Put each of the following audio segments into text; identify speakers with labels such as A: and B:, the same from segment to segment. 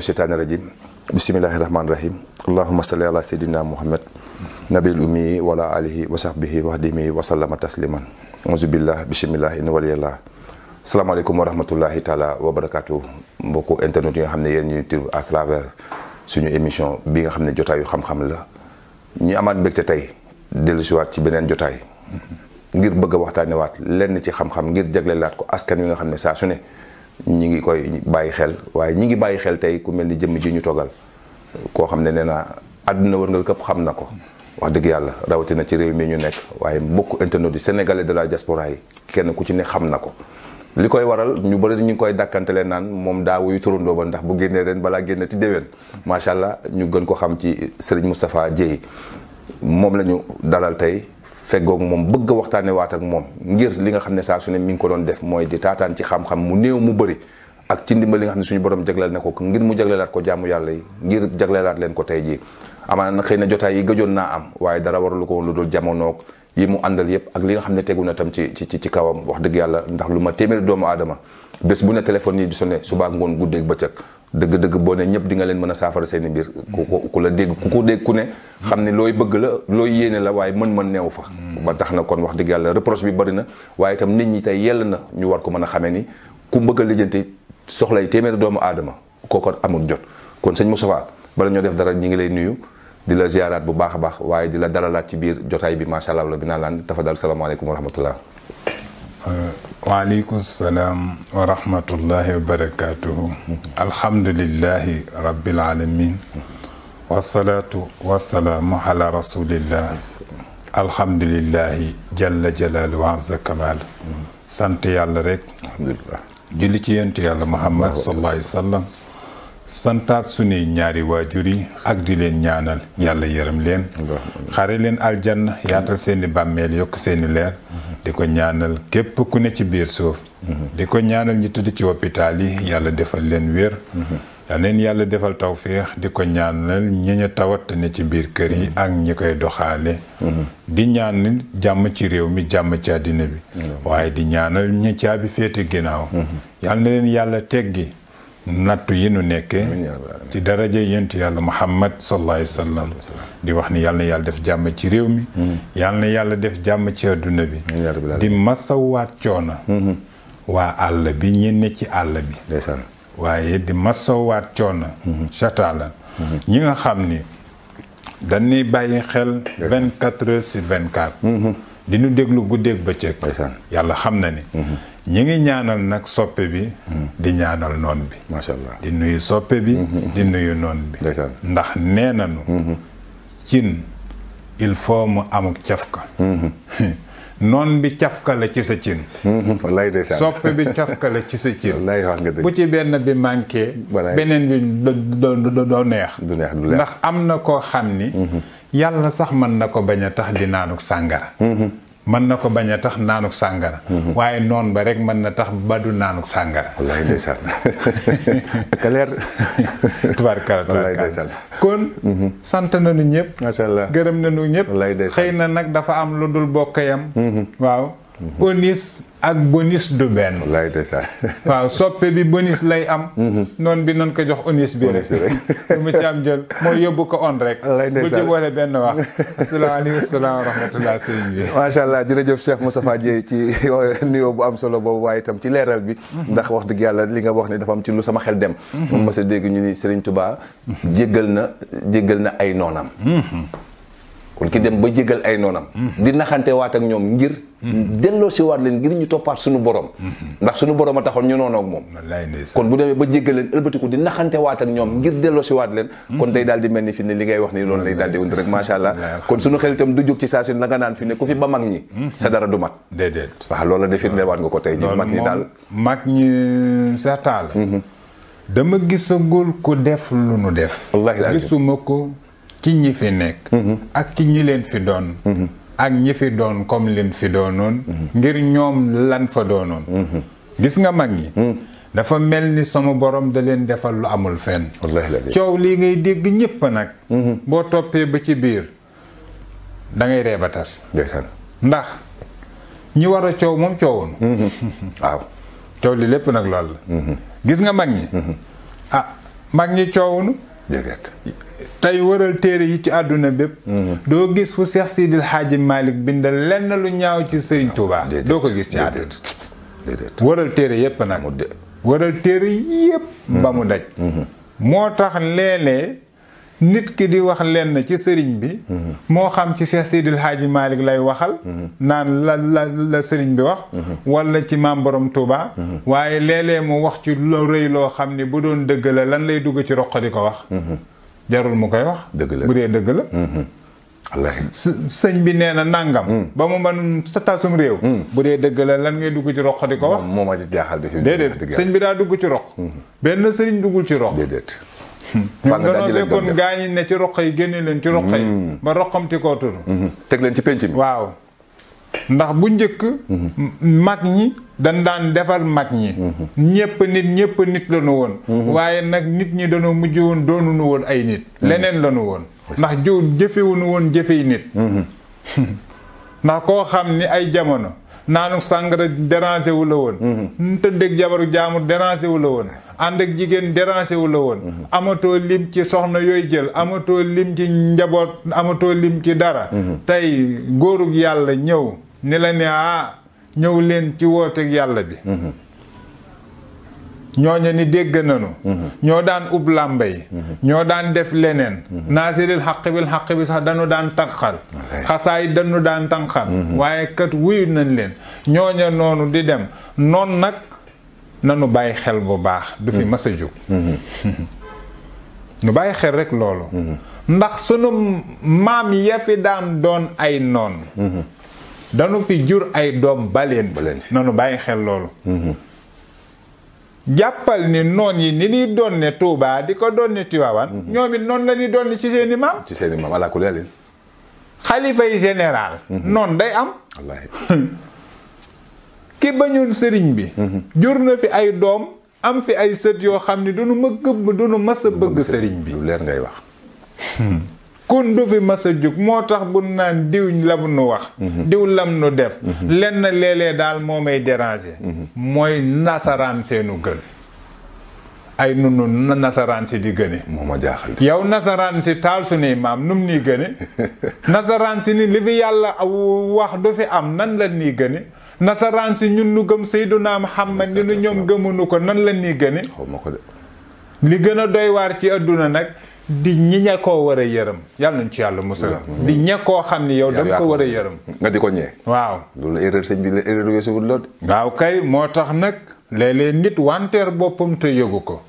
A: mina sheytaani rajim bismillahi rahmaani rahim allahuma salli ala seydina muhammad nabil ummi wala alihi wa sahbihi wa dimi wa sallama tasliman auzu billah bismillah in waliyallah salaamaaleykum wa rahmatullahi taala wa barakaatu mbokku internet yi nga xam ne yéen ñuy tur à travers suñu émission bi nga xam ne jotaayu xam-xam la ñu amaat mbégte tey dellusiwaat ci beneen jotaay ngir bëgg a waxtaanewaat lenn ci xam-xam ngir laat ko askan wi nga xam ne saa su ñi ngi koy bàyyi xel waaye ñi ngi bàyyi xel tey ku mel ni jëmm ji ñu togal koo xam ne nee naa àdduna wërngal këpp xam na ko wax dëgg yàlla rawatina ci réew mi ñu nekk waaye mbokk internet di sénégalais de la diaspora yi kenn ku ci ne xam na ko li koy waral ñu bëri ñu ngi koy leen naan moom daa wuyu turandoo ba ndax bu génnee ren balaa génne ti déwén macha allah ñu gën ko xam ci Serigne Moustapha Dieye moom la ñu dalal tey feggoog moom bëgg a waxtaanee waat ak moom ngir li nga xam ne saa su ne mi ngi ko doon def mooy di taataan ci xam-xam mu néew mu bëri ak ci ndimbal li nga xam ne suñu borom jagleel na ko ngir mu jagleelaat ko jaamu yàlla yi ngir jagleelaat leen ko tey jii amaana na xëy na jotaay yi gëjoon naa am waaye dara waralu ko woon lu dul jamonoog yi mu àndal yépp ak li nga xam ne tegu na tam ci ci ci kawam wax dëgg yàlla ndax lu ma téeméeri doomu adama bés bu ne téléphone yi di sonné subaa ngoon guddeeg bëccëg dëgg-dëgg boo ne ñëpp di leen mën a saafara seen i mbir. ku ko ku la dégg ku ko dégg ku ne. xam ne looy bëgg la looy yéene la waaye mën-mën neew fa. Hmm. ba tax na kon wax dëgg yàlla reproche bi bari na waaye itam nit ñi tey yell na ñu war ko mën a xamee ni ku bëgg a soxla soxlay téeméeri doomu aadama kooko amul jot. kon sañ sëñ Moustapha bala ñoo def dara ñu ngi lay nuyu di la ziaraat bu baax a baax waaye di la dalalaat ci biir jotaay bi macha allah bi naa laan salaamaaleykum wa rahmatullah Euh, waaleykum salaam
B: wa rahmatullahi wa barakaatuhu. alhamdulilahi rabbil aalamiin. wasalaatu wasalaamu ala rasulillah. alhamdulilahi jalla jalaalu wa azza kamaal. sant yàlla rek. alhamdulilah julli ci yonent yàlla Muhammad sallallahu alayhi wa sallam. santaat sunuy ñaari waajur yi ak di leen ñaanal yàlla yërëm leen xare leen aljanna yaatal seeni bàmmeel yokk seeni leer di ko ñaanal képp ku ne ci biir suuf di ko ñaanal ñi tëdd ci hôpital yi yàlla defal leen wér leen yàlla defal tawféex di ko ñaanal ñi ñu tawat ne ci biir kër yi ak ñi koy doxaale di ñaanal jàmm ci réew mi jàmm ci àddina bi waaye di ñaanal ñi caabi féete ginnaaw yal leen yàlla teggi nattu yi nu nekkee ci daraja yent yàlla muhammad sallallahu alayhi wa di wax ni yàlla yàlla def jàmm ci réew mi hmm. yàlla yàlla def jàmm ci àdduna bi di masawaat coona hmm. waa àll bi ñenn ci àll bi waaye di masawaat coona hmm. chataala ñi nga xam ni dañuy bàyyi xel vingt quatre heures vingt quatre di nu déglu guddeeg bëccëg yàlla xam na ni ñi ngi ñaanal nag soppe bi hmm. di ñaanal noon bi macha di nuyu soppe bi hmm, hmm, di nuyu noon bi ndax nee nañu cin il faut mu amuk cafka noon bi cafka la ci sa cin wallaay ndeysaan soppe bi cafka la ci sa cin wallaay wax nga dëgg bu ci benn bi manqué beneen bi doo
A: neex du neex du
B: neex ndax am na koo xam ni yàlla sax mën na ko bañ a tax di naanuk sàngara mën na ko bañ a tax naanuk sàngara mhm. waaye noon ba rek mën na tax ba du naanu sàngara wallaay ndeysaan ak leer tubaarkala tubaarkala kon mhm. sant nañu ñëpp macha allah gërëm nañu ñëpp wallaay ndeysaan xëy na nag dafa am lu dul bokkayam mhm. waaw Mhm. onis ak bonis du benn. lay dèjà. waaw soppe bi bonis lay am. Mhm. noon bi noonu ko jox onis bi rek. lu mu ci am jël mooy yóbbu ko on rek. lay dèjà bu ci boole benn wax. asalaamaaleykum salaam wa
A: rahmatulah sëñ bi. macha allah jërëjëf Cheikh Moustapha Dieye ci nuyoo bu am solo boobu waaye itam ci leeral bi. Mhm. ndax wax dëgg yàlla li nga wax ne dafa am ci lu sama xel dem. moom mos a dégg ñu ni Serigne Touba. jéggal na jéggal na ay noonam. kon ki dem ba jégal ay noonam mhm. di naxante waat ak ñoom ngir mhm. delloo si waat leen ngir ñu toppaat suñu borom mhm. ndax suñu borom a taxoon ñu noonu ak moom kon bu demee ba jégal leen ëlbatiku di naxante waat ak ñoom ngir delloo si waat leen kon day daal di mel ni fi ne li ngay wax ni loolu lay daal di und rek macha allah kon suñu xel itam du jóg ci saa si la nga naan fi ne ku fi ba mag ñi sa dara du mat déedéet waaw loola de firndeel waat nga ko tey ji mag ñi daal
B: mag ñi sa taal dama gisagul ku def lu nu def gisuma ko ci ñi fi nekk mm-hmm. ak ci ñi leen fi doon mm-hmm. ak ñi fi doon comme leen fi doonoon mm-hmm. ngir ñoom lan fa doonoon gis nga mag ñi dafa mel ni sama borom da leen defal lu amul fenn coow lii ngay dégg ñépp nag boo toppee ba ci biir dangay ngay ree ba tas ndax ñi war a coow moom coowuñu waaw coow li lépp nag lool la gis nga mag ñi ah mag ñi coowuñu tey waral téere yi ci àdduna bépp mhm. doo gis fu Seex Sidil Xaaji Malick bind lenn lu ñaaw ci Sëriñ Tuubaa doo ko gis ci àdduna waral téere yépp nag waral téere yépp ba mu mhm. daj mhm. moo tax léeg nit ki di wax lenn ci sëriñ bi mm-hmm. moo xam ci Cheikh Seydil Hadji Malick lay waxal mm-hmm. naan la la la sëriñ bi wax mm-hmm. walla ci maam borom Touba waaye léeg mu wax ci lu rëy loo xam ni bu doon dëgg la lan lay dugg ci roq di ko wax jarul mu koy wax dëgg la dee dëgg la bi nee na nangam. Mm. ba mu man sa tasum réew. Mm. bu dee dëgg la lan ngay dugg ci roq di ko wax. moom moo ma ci jaaxal
A: de. déedéet sëñ bi
B: daa dugg ci roq. benn sëriñ duggul ci roq. déedéet. fang dañu leen kon gaa ñi ne ci roq yi génne leen ci roq yi mm-hmm. ba roqamti koo mm-hmm. teg leen ci penc mi waaw ndax bu njëkk mm-hmm. mag ñi dañ daan defal mag ñi ñëpp nit ñëpp nit la woon waaye nag nit ñi dañoo mujj woon doonu nu woon ay nit leneen la nu woon ndax jëw jëfewuñu woon jëfey nit ndax koo xam ni ay jamono naanu sàngara dérangé wu la woon mm-hmm. tëddeg jabaru jaamur dérangé la woon ànd ak jigéen dérangé wu la woon mm-hmm. amatoo lim ci soxna yooyu jël amatoo lim ci njaboot amatoo lim ci dara mm-hmm. tey góorug yàlla ñëw ni la ne ah ñëw leen ci wooteeg yàlla bi ñooñu ni dégg nañu mm-hmm. ñoo daan ub làmba yi mm-hmm. ñoo daan def leneen mm-hmm. naasiril xaq bil xaq bi sax dañu daan tànqal xasaay dañu daan tànqal waaye kat wuyu nañ leen ñooña noonu di dem noon nag nanu bàyyi xel bu baax du fi mas a nu bàyyi xel rek loolu ndax sunu maam ya fi daan doon ay noon dañu fi jur ay doom ba baleen nanu bàyyi xel loolu jàppal ni noon yi ni ñuy donne Touba di ko donne Tivaouane mhm. ñoom it noonu la ñuy donne ci seen i maam ci seeni i maam alaa kulli haal xalifa yi général mhm. noonu day am wallaahi ki bañoon sëriñ bi mhm. jur na fi ay doom am fi ay sët yoo xam ni duñu ma gëbb duñu mas a bëgg sëriñ bi lu leer ngay wax kon du fi mas a jóg moo tax bu naan diw lam nu wax mhm. diw lam nu def mhm. lenn léeg daal moo may derange mhm. mooy nasaraan seenu gën ay nu nasaraan si di gëne moo yow nasaraan si taal sunuy maam num nii gëne nasaraan si ni li fi yàlla wax du fi am nan la nii gëne nasaraan si ñun nu gëm Seydunaa Muhammad ni nu ñoom gëmunu ko nan la nii gëne li gën a doy waar ci adduna nag di ñi ña koo war a yërëm yàlla nañ ci yàlla musal mm-hmm. di ña koo xam ni yow danga ko war
A: a yërëm nga di ko ñee waaw loolu bi la erreur waaw kay moo tax
B: nag léeg-léeg nit wanteer boppam te yëgu ko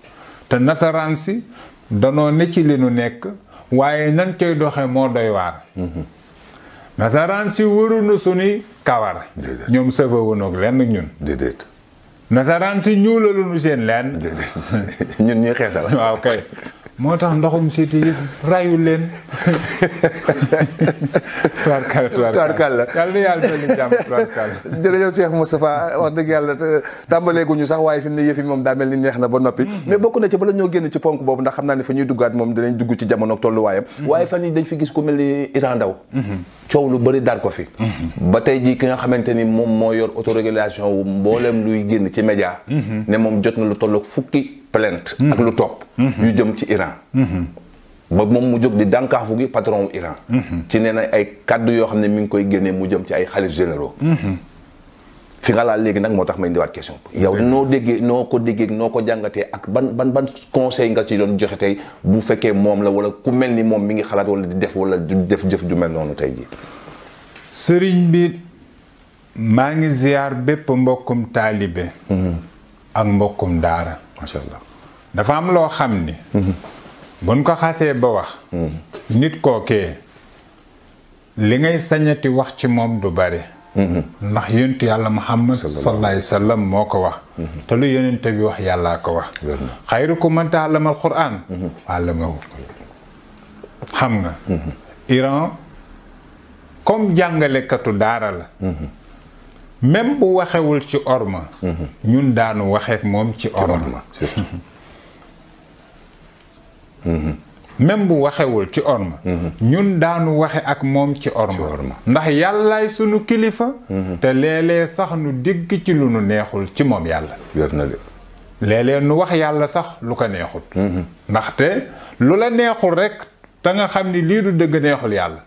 B: te nasaraan si danoo ne ci li nu nekk waaye nan cay doxe moo doy waar mm-hmm. nasaraan si wërunu suñuy kawar ñoom sëfa wunoog lenn ñun nasaraan si ñuulaluñu seen lenn déedéet ñun ñuy xeesal waaw kay moo tax ndoxum siiti yëpp rayu leen. tubaarkàlla tubaarkàlla yàlla na yàlla dolli jàmm
A: tubaarkàlla. jërëjëf Cheikh Moustapha wax dëgg yàlla tàmbaleeguñu sax waaye fi mu ne yëf yi moom daa mel ni neex na ba noppi. Mm-hmm. mais bokk na ci bala ñoo génn ci ponk boobu ndax xam naa ne fa ñuy duggaat moom dinañ dugg ci jamono tolluwaayam. Mm-hmm. waaye fan yii dañ fi gis ku mel ni Iran Ndaw. Mm-hmm. coow lu bëri dar ko fi. ba tey jii ki nga xamante ni moom moo yor autorégulation wu mbooleem luy génn ci média. ne plainte ak lu topp mhm. yu jëm ci Iran mhm. ba moom mu jóg di dànkaafu gi patron wu Iran mhm. ci nee na ay kàddu yoo xam ne mi ngi koy génnee mu jëm ci ay xalif généraux fi nga laal léegi nag moo tax may indiwaat question yow noo déggee noo ko déggee noo ko jàngatee ak ban ban ban conseil nga ci doon joxe tey bu fekkee moom la wala ku mel ni moom mi ngi xalaat wala di def wala du def jëf ju mel noonu tey jii
B: sëriñ bi maa ngi ziyaar bépp mbokkum taalibe ak mbokkum daara macha dafa am loo xam ni. buñ ko xasee ba wax. nit kookee li ngay sañati wax ci moom du bare.
C: ndax
B: yonent yàlla muhammad sallallahu alayhi wasallam moo ko wax te lu yonent bi wax yàllaa ko wax xayrukum ko ta'allama alquran allamahu xam nga mhm. iran comme jàngalekatu daara la mhm. même bu waxewul ci orma ñun daanu moom ci orma bu waxewul ci orma daanu waxe ak moom ci orma ndax yàllaay sunu kilifa te léeg sax nu digg ci lu nu neexul ci moom yàlla léeg-léeg nu wax yàlla sax lu ko neexul ndaxte lu la neexul rek te nga xam ni lii du dëgg neexul yàlla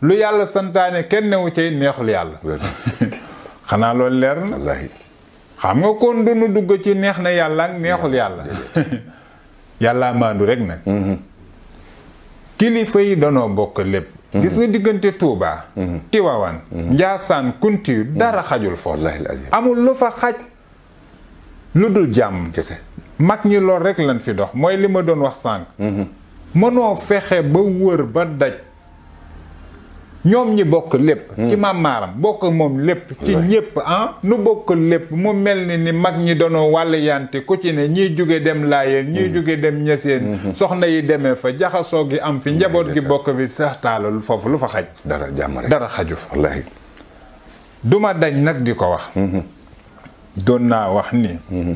B: lu yàlla santaane kenn newu cay neexul yàlla xanaa loolu leer na wallaahi xam nga kon duñu dugg ci neex na yàlla ak neexul yàlla yàllaa maandu rek nag mm-hmm. kilifa yi danoo bokk lépp mm-hmm. gis nga diggante Touba Tiwaawan Njaasaan kunti yu dara xajul foofu amul lu fa xaj lu dul jàmm mag ñi lool rek lan fi dox mooy li ma doon wax sànq mm-hmm. mënoo fexe ba wër ba daj ñoom ñi bokk lépp ci maam maaram bokk moom lépp ci ñépp ah, nu bokk lépp mu mel ni ni mag ñi doonoo wàll yante ku ci ne ñii jóge dem laayeen ñii hmm. jóge dem ñeseen hmm. soxna yi demee fa jaxasoo gi am fi hmm. njaboot gi bokk fi sax taalal foofu lu fa xaj dara xaju fa duma dañ nag di ko wax doon naa wax ni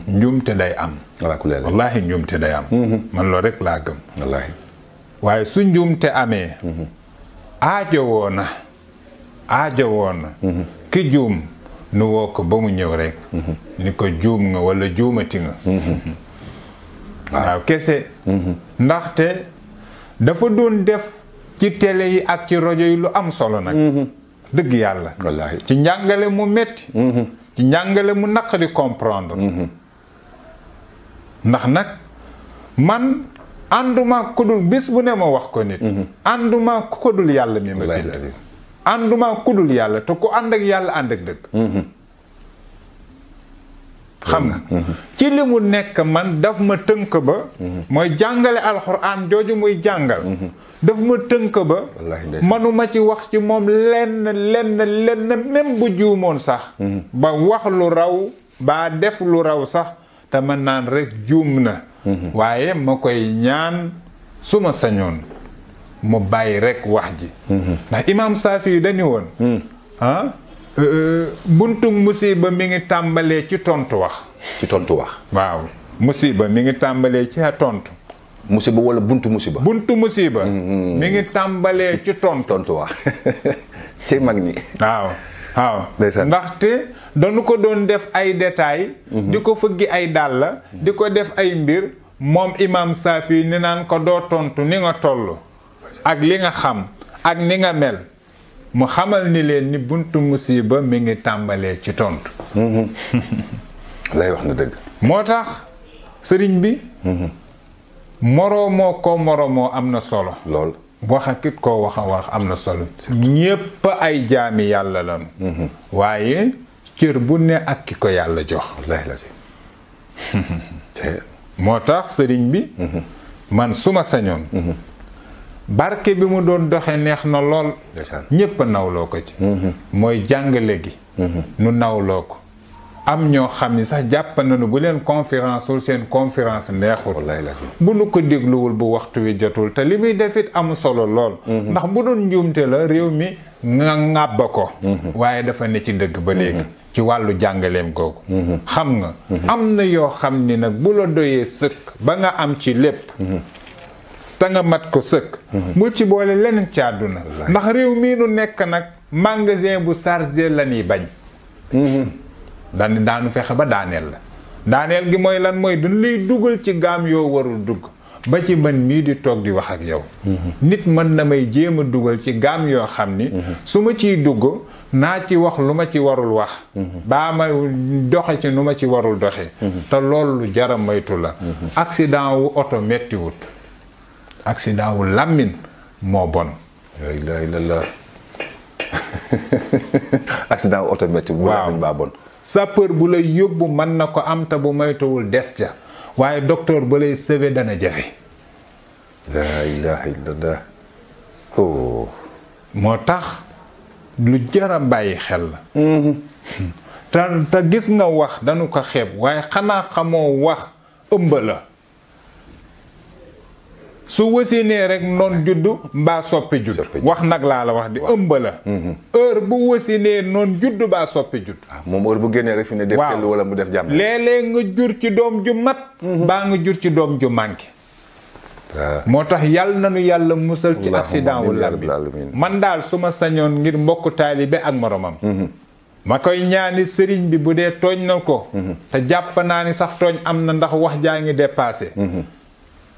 B: njuumte day am wallaahi njuumte day am man loolu rek laa gëm waaye su njuumte amee aajowoo na aajowoo na mhm. ki juum nu woo ko ba mu ñëw rek mhm. ni ko juum nga walla juumati nga mhm. waaw kese ndaxte dafa doon def ci tele yi ak ci rajo yi lu am solo nag dëgg yàlla ci njàngale mu metti ci njàngale mu naq di comprendre ndax nag man ànduma ku dul bis bu ne ma wax ko nit mhm. ànduma ku ko dul yàlla mi ma bind ànduma ku dul yàlla te ku ànd ak yàlla ànd ak dëgg mhm. xam nga mhm. ci li mu nekk man daf ma tënk ba mooy jàngale alxuraan jooju muy jàngal daf ma tënk ba manuma ci wax ci moom lenn lenn lenn même bu juumoon sax ba wax lu raw baa def lu raw sax te man naan rek juum na waaye ma koy ñaan suma sañoon mu bàyyi rek wax ji mhm. ndax imaam saafi yu dañu woon mhm. ah euh, euh, buntu musiba mi ngi tàmbalee ci tontu wax ci tontu wax waaw musiba mi ngi tàmbalee ci a tontu musiba wala buntu musiba buntu musiba mhm, mi ngi tàmbalee ci tontu tontu wax ci mag ñi waaw waaw ndaxte dañu ko doon def ay détails mhm. di ko fëggi ay dàll di ko def ay mbir moom imam Saafi ni naan ko doo tontu ni nga toll ak li nga xam ak ni nga mel mu xamal ni leen ni buntu musiba mi ngi tàmbalee ci tontu mhm. lay wax na dëgg moo tax sëriñ bi mhm. moroomoo ko moroomoo am na solo lool wax ak koo wax a wax am na solo ñépp ay jaami yàlla lañu waaye cër bu ne ak ki ko yàlla jox wallaahi la si moo tax sëriñ bi man suma ma sañoon barke bi mu doon doxe neex na lool ñépp a nawloo ko ci mooy jàngale gi nu nawloo ko am ñoo xam ni sax jàpp nañu bu leen conférence wul seen conférence neexul bu nu ko dégluwul bu waxtu wi jotul te li muy def it am solo lool mhm. ndax bu doon njuumte la réew mi nga ŋàbba ko mhm. waaye dafa ne ci dëgg ba léegi ci wàllu jàngaleem googu mhm. xam nga mhm. am na yoo xam ni nag bu la doyee sëkk ba nga am ci lépp mhm. te nga mat ko sëkk bul ci boole leneen ci àdduna ndax réew mii nu nekk nag magasin bu chargé la ñuy bañ daan daanu fexe ba daaneel la daaneel gi mooy lan mooy duñ lay dugal ci gaam yoo warul dugg ba ci mën mii di toog di wax ak yow nit mën na may jéem a dugal ci gaam yoo xam ni su ma ciy dugg naa ci wax lu ma ci warul wax mhm. baa ma doxe ci nu ma ci warul doxe mhm. te loolu jara moytu la mhm. accident wu oto mettiwut accident wu làmmiñ moo bon la ilaha bu lay yóbbu mën na ko am te bu moytuwul des ca waaye docteur ba lay sauvé dana jafe oh. moo tax lu jar bàyyi xel la mm-hmm. te gis nga wax dañu ko xeb waaye xanaa xamoo wax ëmb la su wasinee rek noon judd mbaa soppi judd wax nag laa la wax di ëmb la mm-hmm. heure bu wasinee noon judd baa soppi judd ah, moom heure bu génnee rek fi ne def tellu wala mu def jàmm léeg nga jur ci doom ju mat mm-hmm. baa nga jur ci doom ju manqué moo tax yàlla nanu yàlla musal ci accident wu làmmiñ man daal su ma sañoon ngir mbokk taalibe ak moromam mm-hmm. ma koy ñaani sëriñ bi bu dee tooñ na ko mm-hmm. te jàpp naa ni sax tooñ am na ndax wax jaa ngi dépassé mm-hmm.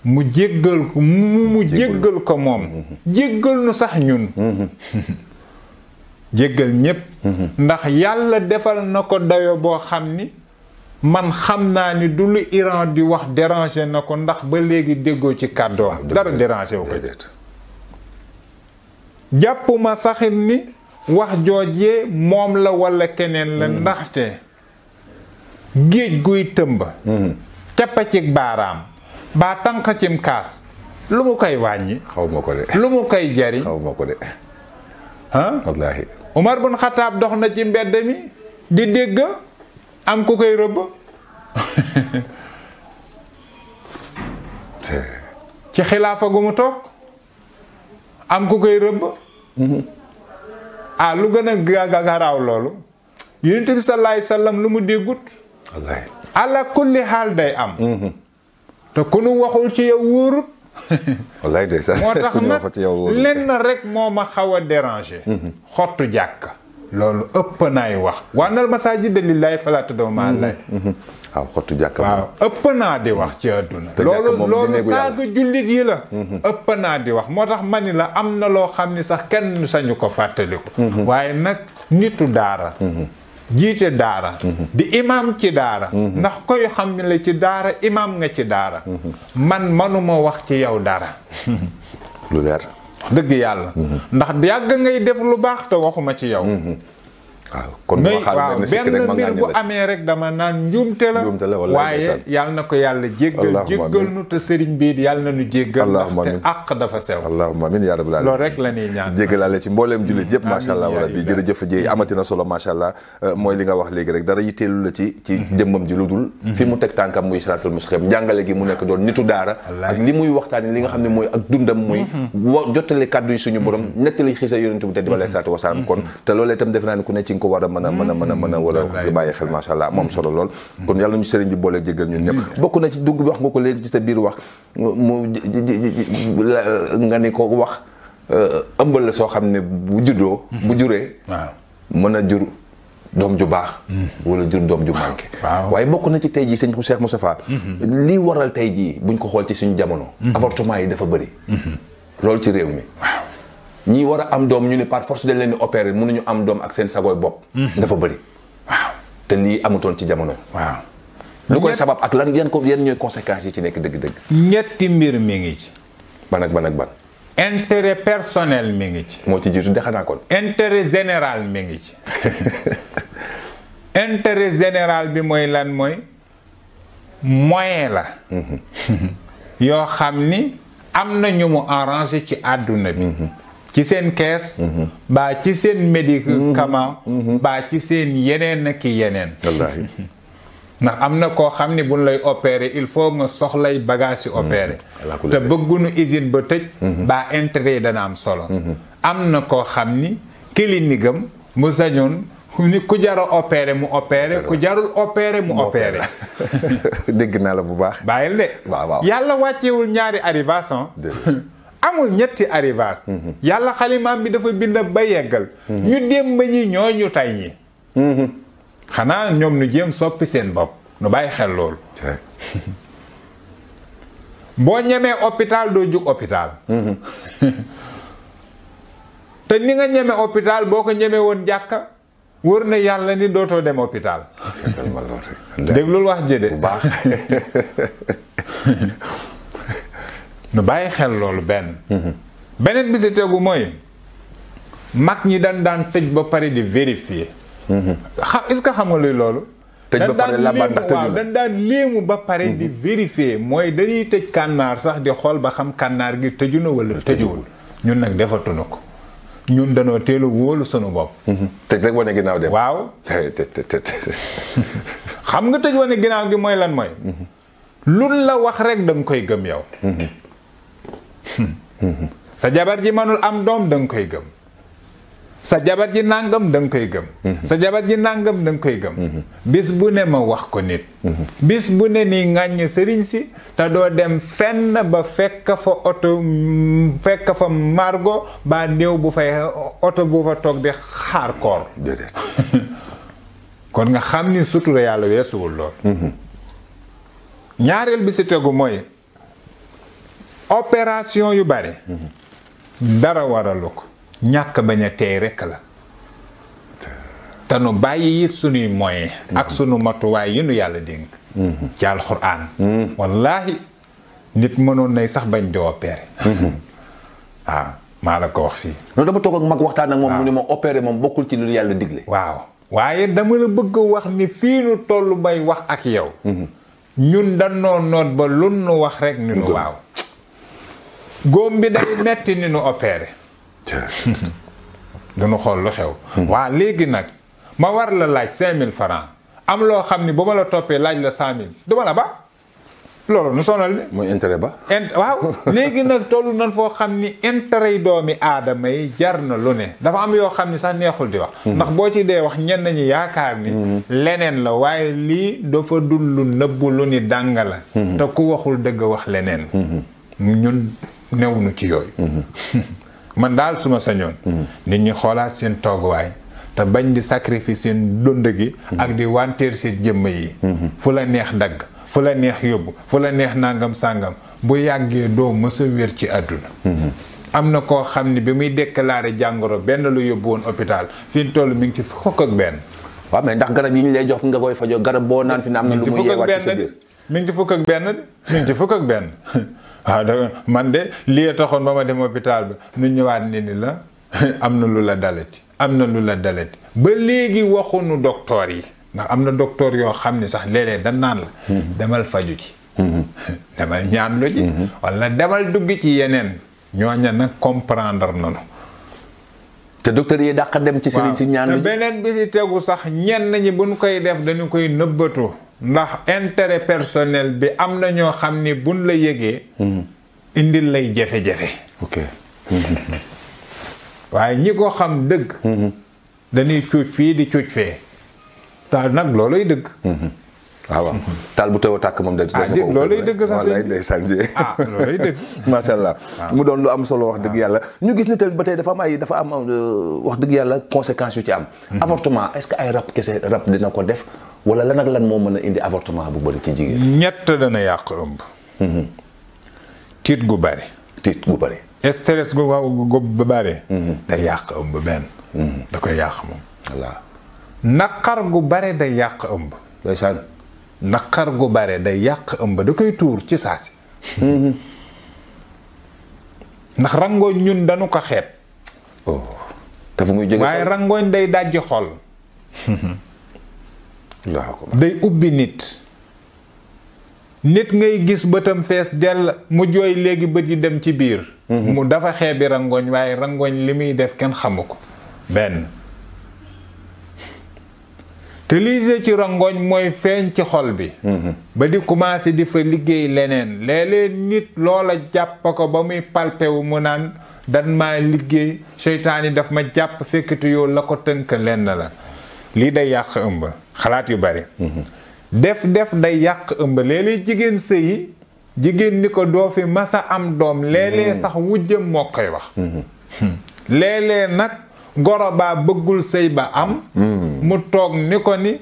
B: mu jéggal ko mu mu jéggal ko moom jéggal nu sax ñun jéggal ñépp ndax yàlla defal na ko dayo boo xam ni man xam naa ni du lu Iran di wax déranger na ko ndax ba léegi déggoo ci kàddoo am ah, dara déranger wu ko jàppuma saxit ni wax jooj joojee moom la walla keneen la hmm. ndaxte géej guy tëmb cappa hmm. cig baaraam baa tànq cim kaas lu mu koy wàññi ko lu mu koy jariñ Umar bun Xataab dox na ci mbedd mi di dégg am ku koy rëbb ci xilaafa gu mu toog am ku koy rëbb ah lu gën a gagaraaw loolu yonent bi sallallahu lu mu déggut ala kulli xaal day am mm-hmm. te ku nu waxul ci yow wóorut
A: wallaay de sax moo tax nag lenn
B: rek moo ma xaw a déranger mm-hmm. xottu jàkk loolu ëpp naay wax wannal masaajida lillaahi falaa tad'uu ma'a mm-hmm. llaahi
A: mm-hmm.
B: waaw xottu jàkka waaw ëpp di wax ci àdduna loolu loolu saaga jullit yi la mm-hmm. ëpp di wax moo tax ma ni la am na loo xam ni sax kenn sañu ko fàttaliku waaye nag nitu daara jiite daara di imaam ci daara ndax koy xam ne la ci daara imaam nga ci daara man manuma wax ci yow dara dëgg yàlla. ndax yàgg ngay def lu baax te waxuma ci yow. Mm-hmm. waaw kon ma xaar benn sikk rek ma benn mbir bu amee rek na ko yàlla jéggal jéggal nu te sëriñ bii yàlla na nu jéggal allahumma
A: amin te àq dafa sew allahumma la ñuy ñaan jéggalaale ci mbooleem jullit yëpp macha allah wala bi jërëjëf jéy amati na solo macha allah euh, li nga wax léegi rek dara yitteelu la ci ci mhm. jëmmam ji lu dul mhm. fi mu teg tànkam muy siraatul mustaqim njàngale gi mu nekk doon nitu daara ak li muy waxtaani li nga xam ne mooy ak dundam muy mhm. jottale kàddu yi suñu borom nettali xisa yonent bu tedd bi alayhi salaatu wasalaam kon te loolee itam def naa ne ku ne ci ko war a mën a mën a mën a mën a war a mm-hmm. bàyyi xel macha allah moom solo lool mm-hmm. kon yàlla ñu sëriñ bi boole jégal ñun ñëpp mm-hmm. bokk na ci dugg bi wax nga ko léegi ci sa biir wax ni ko wax euh, ëmbal la soo xam ne bu juddoo bu juree mën a jur doom ju baax wala jur doom ju manqué waaye bokk na ci tey ji sëñ Cheikh Moustapha lii waral tey jii buñ ko xool ci suñu jamono avortement yi dafa bëri loolu ci réew mi ñii war a am doom ñu ne par force dañ leen di opérer mënuñu am doom ak seen sagooy bopp. Mhm. dafa bëri. waaw te lii amutoon ci jamono. waaw lu koy sabab ak lan yan ko yan ñooy conséquences yi ci nekk dëgg-dëgg. ñetti mbir mi ngi ci. ban ak ban ak ban.
B: intérêt personnel mi ngi ci. moo
A: ci ji dexe naa kon.
B: intérêt général mi ngi ci. intérêt général bi mooy lan mooy moyen la. Mhm. yoo xam ni am na ñu mu arrangé ci àdduna bi. Mhm. ci seen kees mhm. baa ci seen médicament mhm. mhm. baa ci seen yeneen ki yeneen wallaahi ndax am na koo xam ni buñ lay opérer il faut nga soxlay bagage yi opérer te bëggunu usine ba tëj baa intérêt dana am solo am na koo xam ni clinique am mu sañoon ni ku jara opéré mu opéré ku jarul opéré mu opéré
A: dégg naa la bu baax
B: bàyyil de yàlla wàccewul ñaari arrivation amul ñetti arrivage mhm. yàlla xalimaam bi dafa bind ba yeggal mhm. ñu démb ñi ñooy ñu tay ñi mhm. xanaa ñoom nu jéem soppi seen bopp nu bàyyi xel loolu boo ñemee hôpital doo jug hôpital te ni nga ñeme hôpital boo ko ñemee woon jàkka wër na yàlla ni dootoo dem hôpital déglul wax ji de bu baax nu bàyyi xel loolu benn beneen bi si tegu mooy mag ñi dan daan tëj ba pare di vérifier xam est-ce que xam nga luy loolu tëj ba pare làmbaat daan léemu ba pare di mhm. vérifier mooy dañuy tëj kànnaar sax di xool ba xam kànnaar gi tëju na wala tëjuwul ñun nag defatuñu ko ñun danoo teelu a wóolu sunu bopp. Mhm. tëj rek wane ginnaaw dem waaw. xam nga tëj wane ginnaaw gi mooy lan mooy. Mhm. luñ la wax rek da koy gëm yow. sa jabar ji mënul am doom da koy gëm sa jabar ji nàngam da koy gëm sa jabar ji nàngam da koy gëm bis bu ne ma wax ko nit bis bu ne nii ŋàññ sëriñ si te doo dem fenn ba fekk fa oto fekk fa margo ba néew bu fay oto bu fa toog di xaar koor kon nga xam ni sutura yàlla weesuwul lool mm-hmm. ñaareel bi si tegu mooy opération yu bare dara waralu ko ñàkk bañ a teey rekk la te nu bàyyi it sunuy moyen ak sunu matuwaay yi nu yàlla dénk ci alxuraan wallaahi nit mënoon nay sax bañ di opéré waaw maa la ko wax fii noonu dama toog ak mag waxtaan ak moom mu ne ma opéré moom bokkul ci lu yàlla digle waaw waaye dama la bëgg wax ni fii nu toll bay wax ak yow mm-hmm. ñun danoo noot ba lu nu wax rek ni nu waaw góom bi day metti ni nu opéré duñu xool lu xew hmm. waa léegi nag ma war la laaj cinq mille francs am loo xam ni bu ma la toppee laaj la cent mille du la ba
A: loolu nu sonal ni mooy intérêt ba
B: int waaw léegi nag tollu nan foo xam ni intérêt yi doomi aadama yi jar na lu ne dafa am yoo xam ni sax neexul di wax hmm. ndax boo ci dee wax ñenn nañu yaakaar ni hmm. leneen la waaye lii dafa dul lu nëbbu lu ni dànga la te ku waxul dëgg wax leneen ñun newuñu ci yooyu
C: mm-hmm.
B: man daal suma sañoon mm-hmm. nit ñi xoolaat seen tooguwaay te bañ di sacrifice seen dund gi mm-hmm. ak di wanteer seen jëmm yi fu la neex dagg fu la neex yóbbu fu la neex nangam sàngam bu yàggee doo mës a wér ci àdduna am na koo xam ne bi muy déclaré jàngoro benn lu yóbbu woon hôpital fi mu toll mi ngi ci fukk ak benn waaw mais ndax garab yi ñu jox nga koy fajoo garab boo naan fi ne am na lu muy yeewaat ci sa mi ngi fukk ak benn mi ngi fukk ak benn waaw ah, da man de lii taxoon ba ma dem hôpital ba nu ñëwaat ni ni la am na lu la dalati am na lu la dalati ba léegi waxuñu doktoor yi ndax am na docteur yoo xam ni sax léeg-léeg da naan la mhm. demal faju ci mhm. demal ñaan lu ji mhm. wala demal dugg ci yeneen ñoo nag comprendre nanu te docteur yi dàq dem ci sëriñ si ñaan lu ji beneen bi ci tegu sax ñenn ñi buñ koy def dañu koy nëbbatu ndax intérêt personnel bi am na ñoo xam ni buñ la yëgee hmm. indi lay jafe-jafe waaye ñi ko xam dëgg hmm. dañuy cuuc fii di cuuc fee te nag loolay dëgg
A: waaw hmm. ah, waaw taal bu tawee tàkk moom. ah jë loolay dëgg sax si ndeysaan ji ah loolay dëgg. macha allah ah. mu doon lu am solo wax dëgg ah. yàlla. ñu gis ni tamit ba tey dafa am ay dafa am euh, wax dëgg yàlla conséquences yu ci am. avortement est-ce que ay rab kese rab dina ko def wala lan ak lan moo mën a indi avortement bu bëri ci
B: jigéen. ñett dana yàq ëmb.
A: Mhm. tiit gu bari tiit gu bëri.
B: stress gu gu mhm. day yàq ëmb benn.
A: Mhm. da koy yàq
B: moom. voilà naqar gu bari day yàq ëmb. ndeysaan gu bare day yàq ëmb da koy tuur ci saa si. ndax rangooñ ñun dañu ko xeet oh te fu muy jógee waaye rangooñ day dajji xol. day ubbi nit nit ngay gis bëtam fees dell mu jooy léegi bët yi dem ci biir mhm. mu dafa xeebi rangoñ waaye rangoñ li muy def kenn xamu ko benn te lii ci rangoñ mooy feeñ ci xol bi mhm. ba di commencé di fa liggéey leneen léeg-léeg nit loola jàpp ko ba muy palpewu wu mu naan dan maa liggéey seytaan yi daf ma jàpp fekkatu yow la ko tënk lenn la lii day yàq ëmb xalaat yu bari mhm. def def day yàq ëmb léeg-léeg jigéen sëyi jigéen ni ko doo fi masa am doom lee léeg mhm. sax wujjëm moo koy wax mhm. léeg-léeg nag goro baa bëggul sëy ba am mu toog ni ko ni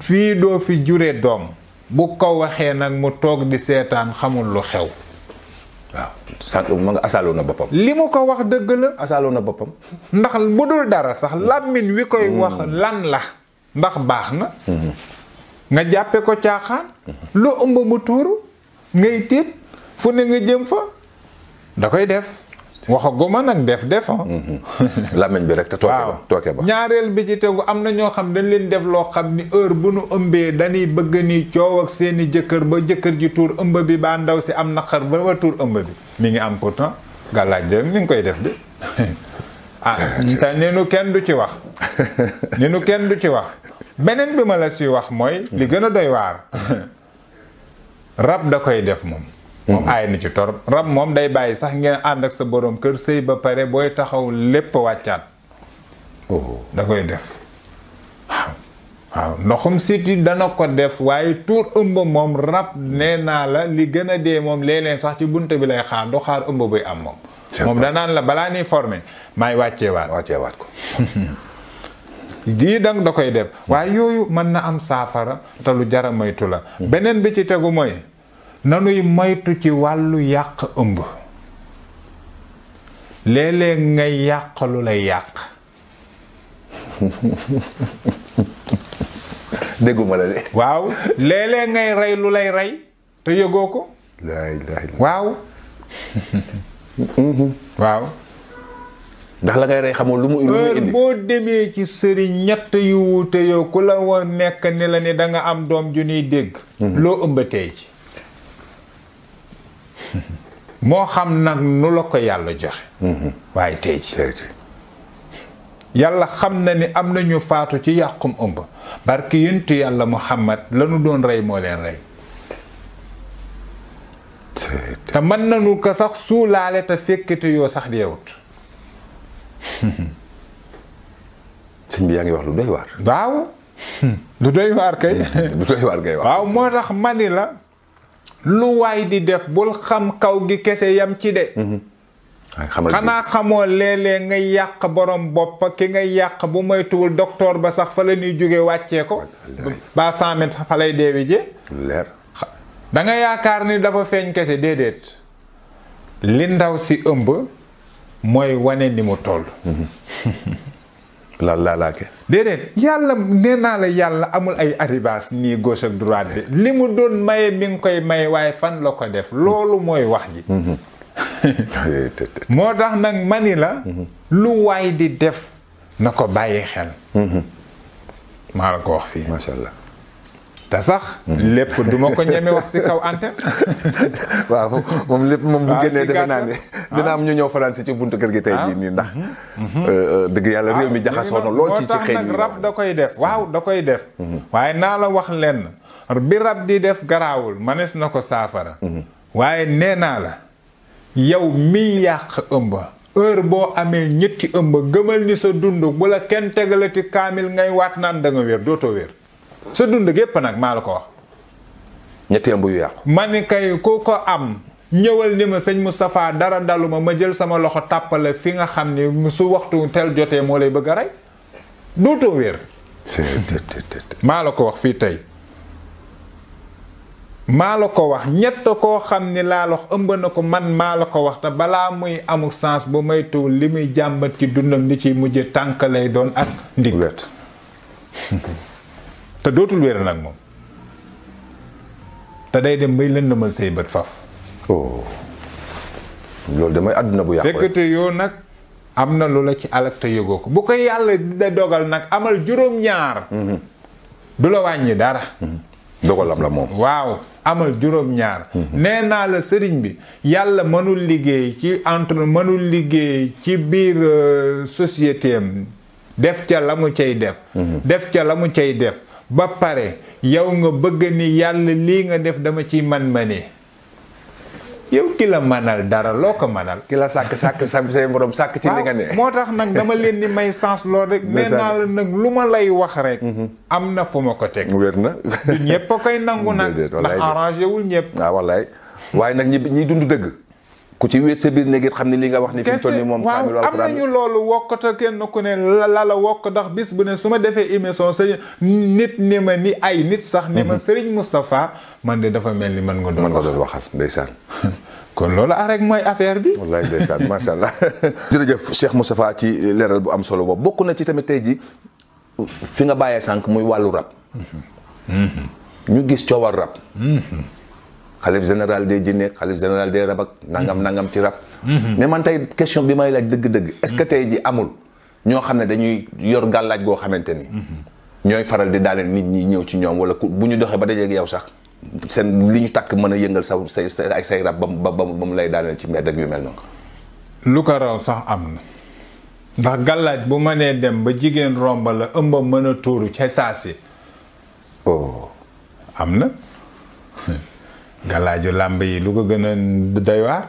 B: fii doo fi jure doom bu ko waxee nag mu toog di seetaan xamul lu xew
A: waaw sànq ma nga
B: asaaloo na boppam. li mu ko wax dëgg la. asaaloo na boppam. ndax bu dul dara sax làmmiñ wi koy mm. wax lan la. ndax baax na. Mm-hmm. nga jàppe ko caaxaan. Mm-hmm. lu ëmb mu tuuru. ngay tiit fu ne nga jëm fa. da koy def. waxaguma nag def def ah.
A: Mm-hmm. làmmiñ bi rek te tooke ba tooke
B: ñaareel bi ci tegu am na ñoo xam dañ leen def loo xam ni heure bu nu ëmbee dañuy bëgg ni coow ak seeni jëkkër ba jëkkër ji tuur ëmb bi ba ndaw si am naqar ba ba tuur ëmb bi. mi ngi am pourtant gàllaaj de mi ngi koy def de. ah ni nu kenn du ci wax ni nu kenn du ci wax beneen bi ma la si wax mooy. li mm-hmm. gën a doy waar. rab da koy def moom. moom aay na ci torop rab moom day bàyyi sax ngeen ànd ak sa boroom kër sëy ba pare booy taxaw lépp wàccaat oh. da koy def waaw waaw ndoxum siti ko def waaye tuur ëmb moom rab naa la li gën a dee moom léeg sax ci bunte bi lay xaar ëmb buy am moom moom la balaa ni formé maay wàccee waat wàccee waat ko jii dang da koy def waaye yooyu mën na am saafara te lu jara moytu la hmm. beneen bi ci tegu mooy nanuy moytu ci wàllu yàq ëmb léeg ngay yàq lu lay yàq
A: dégguma la de
B: waaw léeg ngay rey lu lay rey te yëgoo ko
A: waaw mm-hmm. waaw ndax la ngay rey xamoo lu mu indi
B: boo demee ci sëriñ ñett yu wuute yow ku la woon nekk ni la ni danga am doom ju ñuy dégg mm-hmm. loo ëmbatee ci moo xam nag nu la ko yàlla joxe waaye tey ji yàlla xam na ni am nañu faatu ci yàqum ëmb barki yentu yàlla muhammad lanu doon rey moo leen rey te mën nañu ko sax suulaale te fekkete yoo sax deewut
A: sëñ bi yaa ngi wax lu doy waar waaw lu
B: doy waar kay waaw moo tax mani la lu waay di def bul xam kaw gi kese yam ci de mhm. xanaa xamoo léeg-léeg nga yàq borom bopp ki nga yàq bu moytuwul docteur ba sax fa la ñuy jóge wàccee ko ba cent fa lay deewi je leer yaakaar ni dafa feeñ kese déedéet li ndaw si ëmb mooy wane ni mu toll
A: mhm. la laalaake
B: déedéet yàlla nee naa la yàlla amul ay arribas nii gauche ak droite bi li mu doon maye mi ngi koy mayee waaye fan la ko def loolu mooy wax ji mhm. moo tax nag mani la mhm. lu waay di def na ko bàyyi xel mhm. maa la ko wax fii macha te sax lépp du ma ko ñeme wax si kaw ante
A: waaw moom lépp
B: moom bu ah, génnee defe naa
A: ne am ñu ñëw fanaan si ci buntu kër gi tey jii nii ndax. Ah. Euh, euh, dëgg yàlla réew mi ah, jaxasoo na lool ci ci xëy nag
B: da koy def waaw da koy def. Mhm. waaye naa la wax lenn bi rab di def garaawul manes na ko saafara. Mhm. waaye nee naa la yow mi yàq ëmb. heure boo amee ñetti ëmb gëmal ni sa dund bu la kenn tegalati kaamil ngay waat naan da nga wér dootoo wér. sa dund gépp nag maa la ko wax.
A: ñetti ëmb yu yàqu.
B: ma ne kay ku ko am. ñëwal ni ma sëñ Moustapha dara dalu ma ma jël sama loxo tàppale fi nga xam ni su waxtu tel jotee moo lay bëgg a rey duutoo wér. maa la ko wax fii tey maa la ko wax ñett koo xam ni laa la ëmb na ko man maa la ko wax te balaa muy amul sens bu may tuw li muy jàmbat ci dundam li ci mujje tànk lay doon ak ndig te dootul wéer nag moom te day dem bay lëndëmal say bët faf
A: oh. loolu damay
B: àdduna bu yàqu fekkate yoo nag am na lu la ci alak te yëgoo ko bu ko yàlla da dogal nag amal juróom-ñaar mm-hmm. du la wàññi dara mm-hmm. dogalam la moom waaw amal juróom-ñaar mm-hmm. nee naa la sëriñ bi yàlla mënul liggéey ci entre mënul liggéey ci biir euh, société am def ca la mu cay def def ca la mu cay def ba pare yow nga bëgg ni yàlla lii nga def dama ci man mane yow ki la manal dara loo ko manal ki la sàkk sàkk sa say borom sàkk ci li nga ne moo tax nag dama leen di may sens lool rek nee naa la nag lu ma lay wax rek mhm. am na fu ma ko teg wér na du koy nangu nag ndax
A: arrangé wul ñëpp waaw ah, wallaay waaye nag ñi ñiy dund dëgg ku ci wéet sa biir néeg xam ne li nga wax ni fi mu toll nii moom kaamil waaw am nañu
B: loolu wokkata kenn ku ne la la wokk ndax bis bu ne su ma defee émission sa nit ni ma ni ay nit sax ni ma mhm. Serigne Moustapha man de dafa mel ni man nga doon waxal
A: waxal ndeysaan kon loolu ak rek mooy affaire bi. wallaay ndeysaan macha allah. jëf Cheikh Moustapha ci leeral bu am solo boobu bokk na ci tamit tey ji fi nga bàyyee sànq muy wàllu rab.
C: Mhm.
A: Mhm. ñu gis coowal rab. xalif général des jinne xalif général des rab ak nangam mm-hmm. nangam ci rab mm-hmm. mais man tey question bi may laaj dëgg-dëgg est-ce que mm-hmm. tey ji amul ñoo xam ne dañuy yor gàllaaj goo xamante ni ñooy faral di daaneel nit ñi ñëw ci ñoom wala bu ñu doxee ba dajeeg yow sax seen li ñu takk mën a yëngal sax say ay say rab ba ba mu lay daaneel ci mbedd ak yu mel noonu
B: lu ko raw sax am na ndax gàllaaj bu mënee dem ba jigéen romb la ëmba mën a tuuru ca saasi oh am na gallaaju làmb yi lu ko gën a doy waar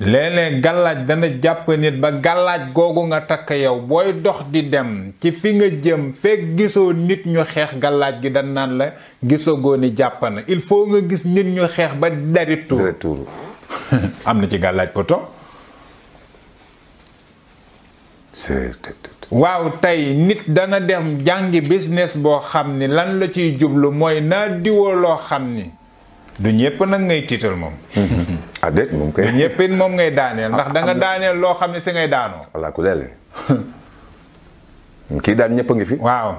B: léeg dana jàpp nit ba gàllaaj googu nga takk yow booy dox di dem ci fi nga jëm fekk gisoo nit ñu xeex gàllaaj gi dan naan la gisagoo ni jàpp na il faut nga gis nit ñu xeex ba dari tuuru am na ci gàllaaj poto waaw tey nit dana dem jàngi business boo xam ni lan la ciy jublu mooy naa diwoo loo xam ni du ñëpp nag ngay tiital moom.
A: ah moom du ñëpp
B: moom ngay daaneel ndax ah, da nga daaneel loo xam ne si ngay daanoo.
A: walla ku dell. ñëpp a ngi fi. waaw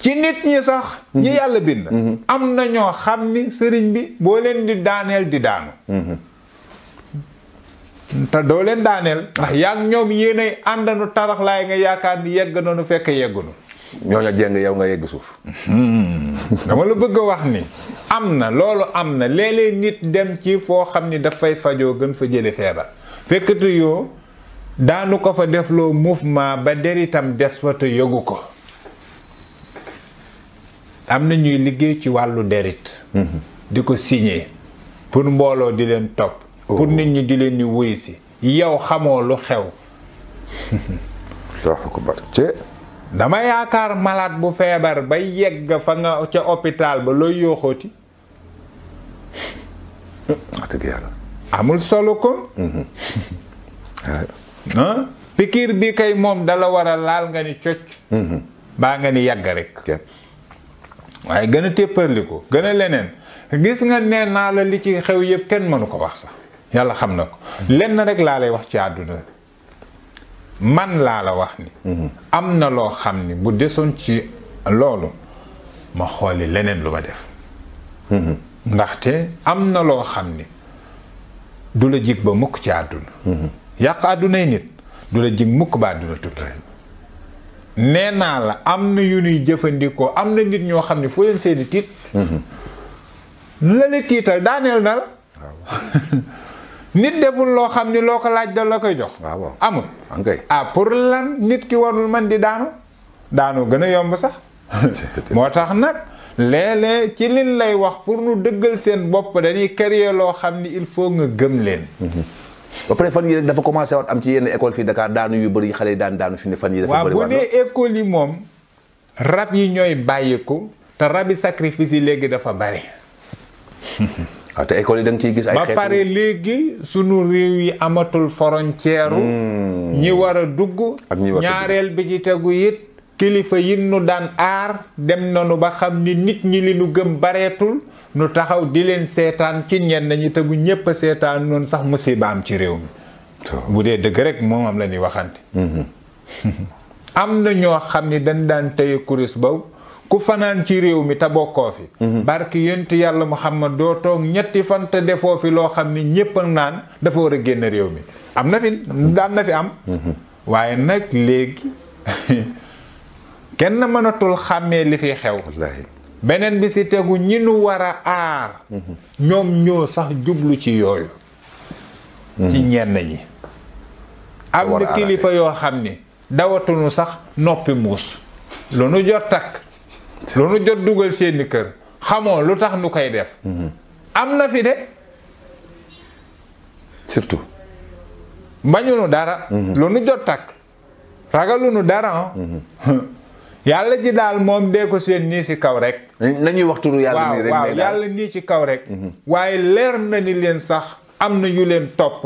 B: ci nit ñi sax.
A: ñi mhm. yàlla bind. Mhm.
B: am na ñoo xam ni sëriñ bi boo leen di daaneel di daanu. Mhm. te doo leen daaneel ndax yaa ñoom yéenay àndanu tarax laay nga yaakaar ni yegg na noonu fekk yeggunu
A: ñooña jéng yow nga yegg suuf hmm.
B: dama la bëgg a wax ni am na loolu am na léeg-léeg nit dem ci foo xam ni dafay fajoo gën fa jële feebar fekkatu yoo daanu ko fa defloo muuf mouvement ba deritam des fa te yëgu ko am na ñuy liggéey ci wàllu derit hmm. di ko signé pour mbooloo di leen topp Oh. pour nit ñi di leen ñu wuy si yow xamoo lu xew dama yaakaar malaat bu feebar ba yegg fa nga ca hôpital ba looy yooxooti amul solo ko mm-hmm. ah. ah. pikiir bi kay moom dala war a laal nga ni cocc mm-hmm. baa nga ni yàgg rek waaye gën a tépparli ko gën a leneen gis nga nee naa la li ci xew yëpp kenn mënu ko wax sax yàlla xam na ko lenn rek laa lay wax ci àdduna man laa la wax ni mhm. am na loo xam ni bu desoon ci loolu ma xooli leneen lu ma def mhm. ndaxte am na loo xam ni du la jig ba mukk ci àdduna mhm. yàq àddunay nit du la jig mukk ba àdduna tukki nee naa la am na yu nuy jëfandikoo am na nit ñoo xam ne foo leen seeni tiit la la tiital daaneel na la nit deful loo xam ni loo ko laaj da la koy jox. waaw ah, amul. a ah, pour lan nit ki warul man di daanu daanu gën a yomb sax. moo tax nag
A: léeg-léeg ci liñ lay wax pour nu dëggal seen bopp dañuy créer loo xam ni il faut nga gëm leen. Mhm. ba pare fan yii rek dafa commencé waat am ci yenn école fii Dakar daanu yu bëri xale yi daan daanu fi ne fan yii. dafa bëri waaw bu dee
B: école yi moom rab yi ñooy bàyyiku te rabi sacrifice yi léegi dafa bari
A: waaw ah, te école yi danga ciy gis ay xeetu ba pare
B: léegi sunu réew yi amatul frontière. Hmm. ñi war a dugg. ak ñaareel bi ci tegu it. kilifa yi nu daan aar dem nanu ba xam ni nit ñi li nu gëm bareetul nu taxaw di leen seetaan ci ñenn ñi te bu ñëpp a seetaan noonu sax musibaam ci réew mi. bu dee dëgg rek moom am la waxante. Hmm. am na ñoo xam ni dañ daan tëye kuris boobu. ku fanaan ci réew mi te bokkoo fi mhm. barke yonent yàlla Muhammad doo toog ñetti fan defoo fi loo xam ni ñépp naan dafa war a génn réew mi am na fi daan na fi am mhm. waaye nag léegi kenn mënatul xàmmee li fi xew beneen bi si tegu ñi nu war a aar mhm. ñoom ñoo sax jublu ci yooyu ci ñenn ñi am na kilifa yoo xam ni dawatuñu sax noppi muus lu nu jot takk lu nu jot dugal seeni kër xamoo lu tax nu koy def mm-hmm. am na fi de surtout bañunu dara mm-hmm. lu nu jot takk ragalunu dara ah. mm-hmm. yàlla ji daal moom dee ko seen nii si kaw rek nañuy waxtu yàlla nii yàlla nii ci kaw rek waaye leer na ni leen sax am na yu leen topp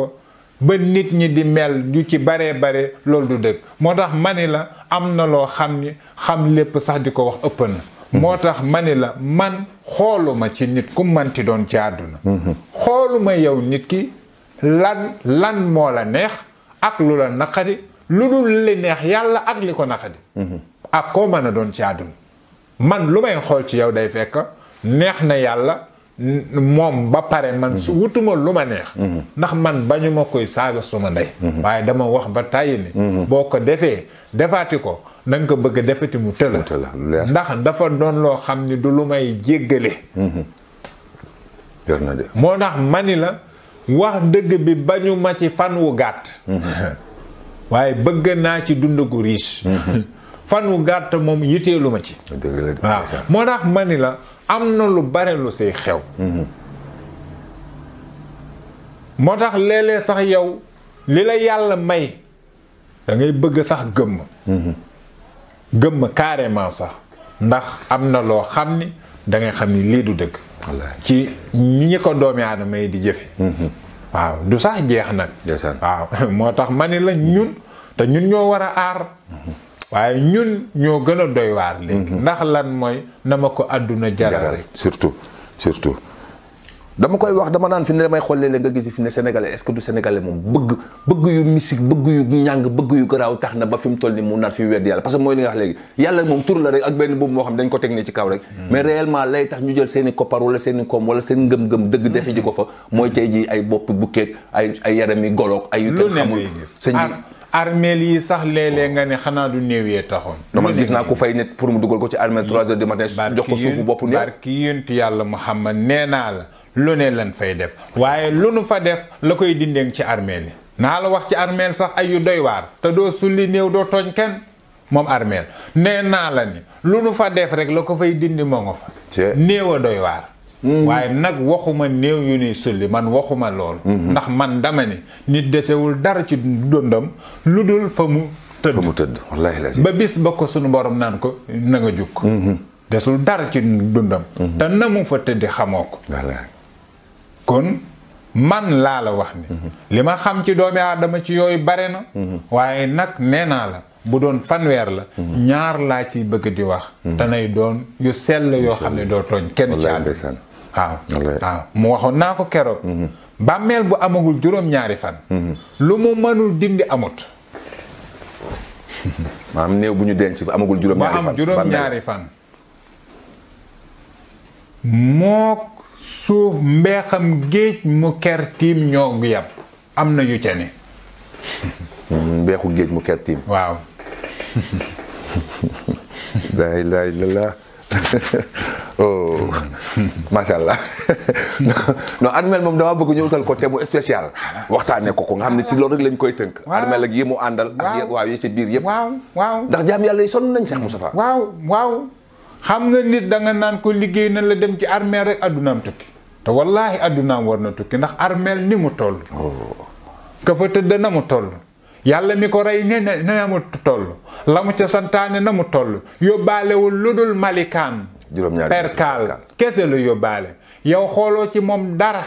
B: ba nit ñi di mel yu ci baree bare loolu du dëgg moo tax mani la am na loo xam ni xam lépp sax di ko wax ëpp mhm. moo tax mani la man xooluma ci nit ku manti doon ci àdduna mhm. xooluma yow nit ki lan lan moo la neex ak lu la naqari lu dul li neex yàlla ak li ko naqari mhm. ak koo mën a doon ci àdduna man lu may xool ci yow day fekk neex na yàlla moom ba pare man su mm-hmm. wutuma lu ma neex mm-hmm. ndax man bañu ma koy saaga suma ndey mm-hmm. waaye dama wax ba tàyyi ni boo ko defee defaati ko na ko bëgg a defati mu tëla ndax dafa doon loo xam ni du lu may jéggale moo tax mani la wax dëgg bi bañu ma ci fan wu gàtt waaye bëgg naa ci dund ko riis wu gàtt moom lu ma ci waaw moo tax ma la am na lu bare lu say xew mm-hmm. moo tax léeg-léeg sax yow li la yàlla may dangay bëgg sax gëmm mm-hmm. gëmm carrément sax ndax am na loo xam ni dangay xam ni lii du dëgg ci ñi ko doomi aadama yi di jëfe mm-hmm. waaw du sax jeex nag waaw moo tax ma ni la ñun te ñun ñoo war a aar waaye ñun ñoo gën a doy waar léegi mhm. ndax lan mooy na ma ko àdduna jarare surtout surtout
A: dama koy wax dama naan fi ne damay xoolee la nga gis fi ne sénégalais est-ce que du sénégalais moom bëgg bëgg yu mystique bëgg yu ñàng bëgg yu garaaw tax na ba fi mu toll ni mu nar fi wedd yàlla parce que mooy li nga wax léegi yàlla moom tur la rek ak benn boobu moo xam dañ ko teg nii ci kaw rek hmm. mais réellement lay tax ñu jël seeni i koppar wala seen i koom wala seen ngëm-ngëm dëgg ko mooy tey ji ay bopp bukkeeg ay ay yaram yi goloog ay yu kenn xamul
B: armeel yi sax léeg-léeg nga ne xanaa du néew
A: yee taxoon. dama gis naa ku fay net pour mu dugal ko ci armeel trois heures du matin. jox ko suufu bopp néew barki
B: yéentu yàlla Muhammad nee naa la lu ne lan fay def waaye lu nu fa def la koy dindee ci armeel yi. naa la wax ci armeel sax ay yu doy waar te doo sulli néew doo tooñ kenn. moom armeel nee naa la ni lu nu fa def rek la ko fay dindi moo nga fa néew a doy waar Mhm. waaye nag waxuma néew yu ni sulli man waxuma lool mhm. ndax man dama ni nit desewul dara ci dundam lu dul fa mu
A: tëdd fa mu tëdd wallaahi ba
B: bis ba ko sunu borom naan ko na nga jukk mhm. desul dara ci dundam te na mu fa tëddi xamoo ko kon man laa la wax ni li ma xam ci doomi aadama ci yooyu bare na waaye nag nee naa la bu doon fanweer la ñaar laa ciy bëgg di wax te nay doon yu sell yoo xam ne doo tooñ kenn ci àddina waaw mu waxoon naa ko keroog mhm. bàmmeel bu amagul juróom-ñaari fan mhm. lu mu mënul dindi amut
A: maanaam néew bu ñu denc amagul juróom-ñaari fan ñaari
B: fan mook suuf mbeexam géej mu ker tiim ñoo gu yàpp am na yu ca ne
A: mhm, mbeexu géej mu ker tiim waaw laa ilaaha illallaah oh macha allah non Armel moom damaa bëgg ñu utal ko te bu spécial. waxtaanee ko ko nga xam ne ci loolu rek lañ koy tënk. waaw Armel ak yi mu àndal. ak yi ci biir yëpp. waaw
B: ndax jaam yàlla yi sonn nañ sax Moustapha. waaw waaw xam nga nit danga naan ko liggéey na la dem ci armeel rek addunaam tukki. te wallaahi addunaam war na tukki ndax armeel ni mu toll. Oh. ka fa tëdd na mu toll. yàlla mi ko rey ne na mu toll la mu ca santaane na mu toll yóbbaalewul lu dul malikaan perkaal kese la yóbbaale yow xooloo ci moom dara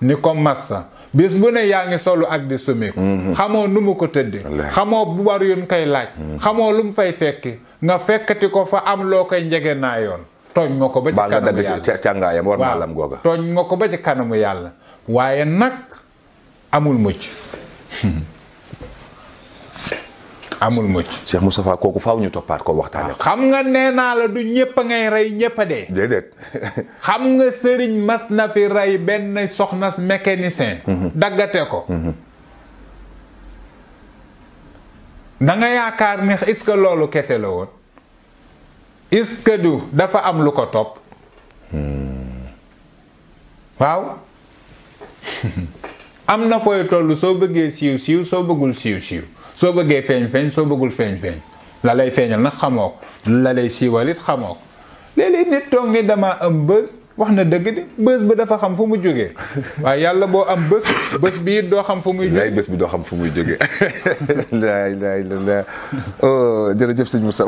B: ni ko massa bis bu ne yaa ngi solu ak di sumeeku mhm. xamoo nu mu ko tëdde xamoo bu war yun koy laaj mhm. xamoo lu mu fay fekki nga fekkati ko fa am loo koy njege naa yoon tooñ nga ko ba ci kanamu yàlla
A: càngaayam war naa lam googa
B: tooñ nga ko ba ci kanamu yàlla waaye nag amul
A: mucc amul mucc Cheikh Moustapha kooku faaw ñu toppaat ko waxtaane
B: xam nga nee naa la du ñëpp ngay rey ñëpp de
A: dee
B: xam nga sëriñ mas na fi rey benn soxnas mécanicien mhm. daggate ko mhm. da yaakaar ne est-ce que loolu kese la woon est du dafa am lu ko topp hmm. waaw am na fooy toll soo bëggee siiw siiw soo bëggul siiw siiw soo bëggee feeñ feeñ soo bëggul feeñ feeñ la lay feeñal nag xamoo ko la lay siiwalit xamoo ko léeg nit toog ni dama am bës wax na dëgg de bés ba dafa xam fu mu jógee waaye yàlla boo am bés bés bi it
A: doo xam fu muy jógee bés bi doo xam fu muy jógee laay laay la la oh jërëjëf sëñ Moussa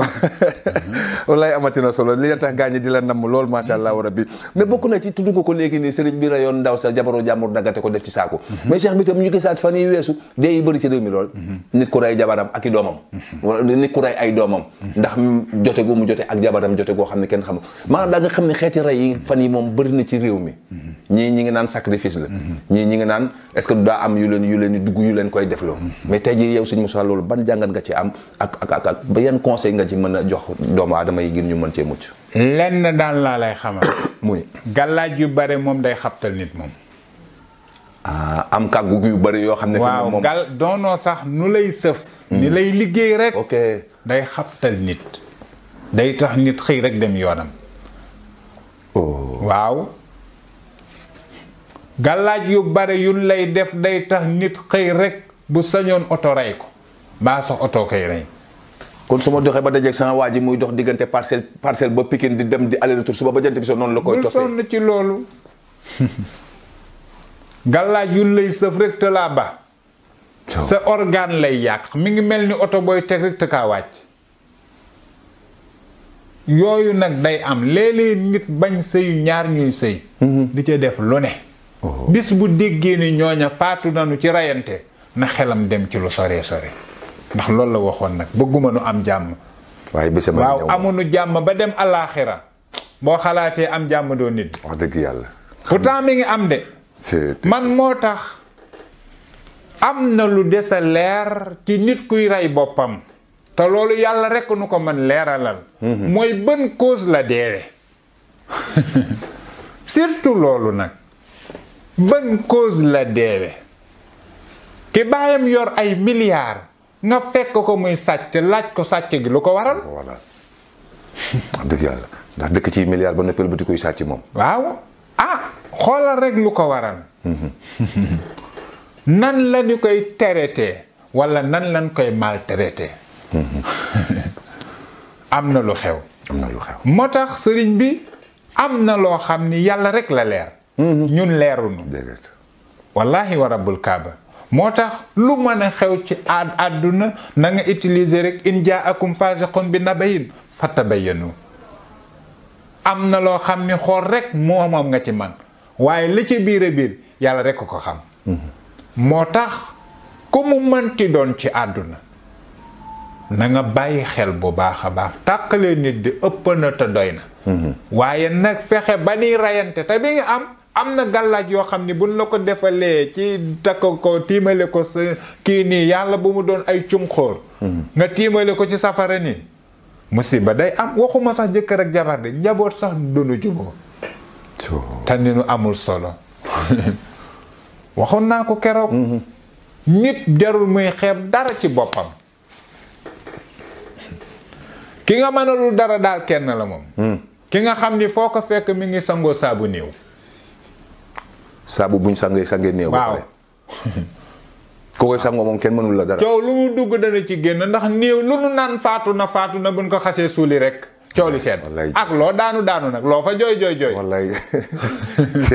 A: wallaay amatina solo li la tax gaañ di la namm lool macha allah rabbi mais bokk na ci tudd nga ko léegi nii sëriñ bi reyoon ndaw sa jabaroo jàmbur daggate ko def ci saako mhm. mais cheikh bi tam ñu gisaat fan yi weesu dee yi bëri ci réew mi lool mhm. nit ku rey jabaram ak i doomam mhm. wala nit ku rey ay doomam ndax jote gu mu jote ak jabaram jote goo xam ne kenn xamul maanaam moom bëri na ci réew mi ñii ñi ngi naan sacrifice la ñii ñi ngi naan est-ce que daa am yu leen yu leen dugg yu leen koy defloo mais tey jii yow sëñ Moussa loolu ban jàngat nga ci am ak ak ak ak ba nga ci mën a jox doomu aadama yi ngir ñu mën cee mucc
B: lenn daan laa lay xamal muy gàllaaj yu bare moom day xabtal nit moom
A: ah, am kàggu yu
B: bëri yoo xam ne. waaw moom gal doonoo sax nu lay sëf. ni hmm. lay liggéey rek. ok day xabtal nit. day tax nit xëy rek dem yoonam. Oh. waaw gàllaaj yu bare yun lay def day tax
A: nit xëy rek bu sañoon oto rey ko mbaa sax oto koy rey kon su ma doxee ba dajeeg sama waa ji muy dox diggante parcelle parcelle ba Pikine di dem di aller retour suba ba jant bi so noonu la koy toppee
B: sonn ci loolu
A: gàllaaj yun lay sëf rek te
B: sa organe lay yàq mi ngi mel ni oto booy teg rek te kaa wàcc yooyu nag day am léeg-léeg nit bañ sëyu ñaar ñuy sëy li mhm. ca def lu ne oh. bis bu déggee ni ñooña faatu nañu ci reyante na xelam dem ci lu sore sore ndax loolu la waxoon nag bëgguma nu am jàmm
A: waaye a waaw
B: amuñu jàmm ba dem alaaxira boo xalaatee am jàmm doo nit
A: wax dëgg yàlla
B: pourtant mi ngi am de man moo tax am na lu des a ci nit kuy rey boppam te loolu yàlla rekk nu ko mën leeralal mhm. mooy ban cause la deewe surtout loolu nag bën cause la deewe ki baayam yor ay milliards nga fekk ko muy sàcc laaj ko sàcc gi lu ko waral voilà
A: dëgg yàlla ndax dëkk ci milliards ba noppeel ba di moom
B: waaw a ah, xoolal rekk lu ko waral
A: mhm.
B: nan la koy traité walla nan lañ koy maltraité am na lu xew. moo tax sëriñ bi am na loo xam ni yàlla rek la leer. Mm-hmm. ñun leerunu wallahi wa rabbul kaaba moo tax lu mën a xew ci aad àdduna na nga utiliser rek in jaakum faasiqun bi nabayin fatabayanu am na loo xam ni xool rekk moo nga ci man waaye li ci biir a biir yàlla rekk ko xam mm-hmm. moo tax ku mu mënti doon ci àdduna na nga bàyyi xel bu baax a baax tàqale nit di ëpp na te doy na waaye nag fexe ba ni reyante te bi nga am am na gàllaaj yoo xam ni buñ la ko defalee ci takk ko tiimale ko sa kii nii yàlla bu mu doon ay cunxóor nga tiimale ko ci safara nii musiba day am waxuma sax jëkkër ak jabar de njaboot sax dunu juboo te ni nu amul solo waxoon naa ko keroog mm-hmm. nit jarul muy xeeb dara ci boppam ki nga mënalul dara daal kenn la moom. Hmm. ki nga xam ni foo ko fekk mi ngi sangoo saabu néew.
A: saabu buñ sangee sangee néew. waaw ku koy sangoo moom kenn mënul la dara.
B: coow lu mu dugg dana ci génn ndax néew lu nu naan faatu na faatu na buñ ko xasee suuli rek. coow li seen ak loo daanu daanu nag loo fa jooy jooy jooy. wallaay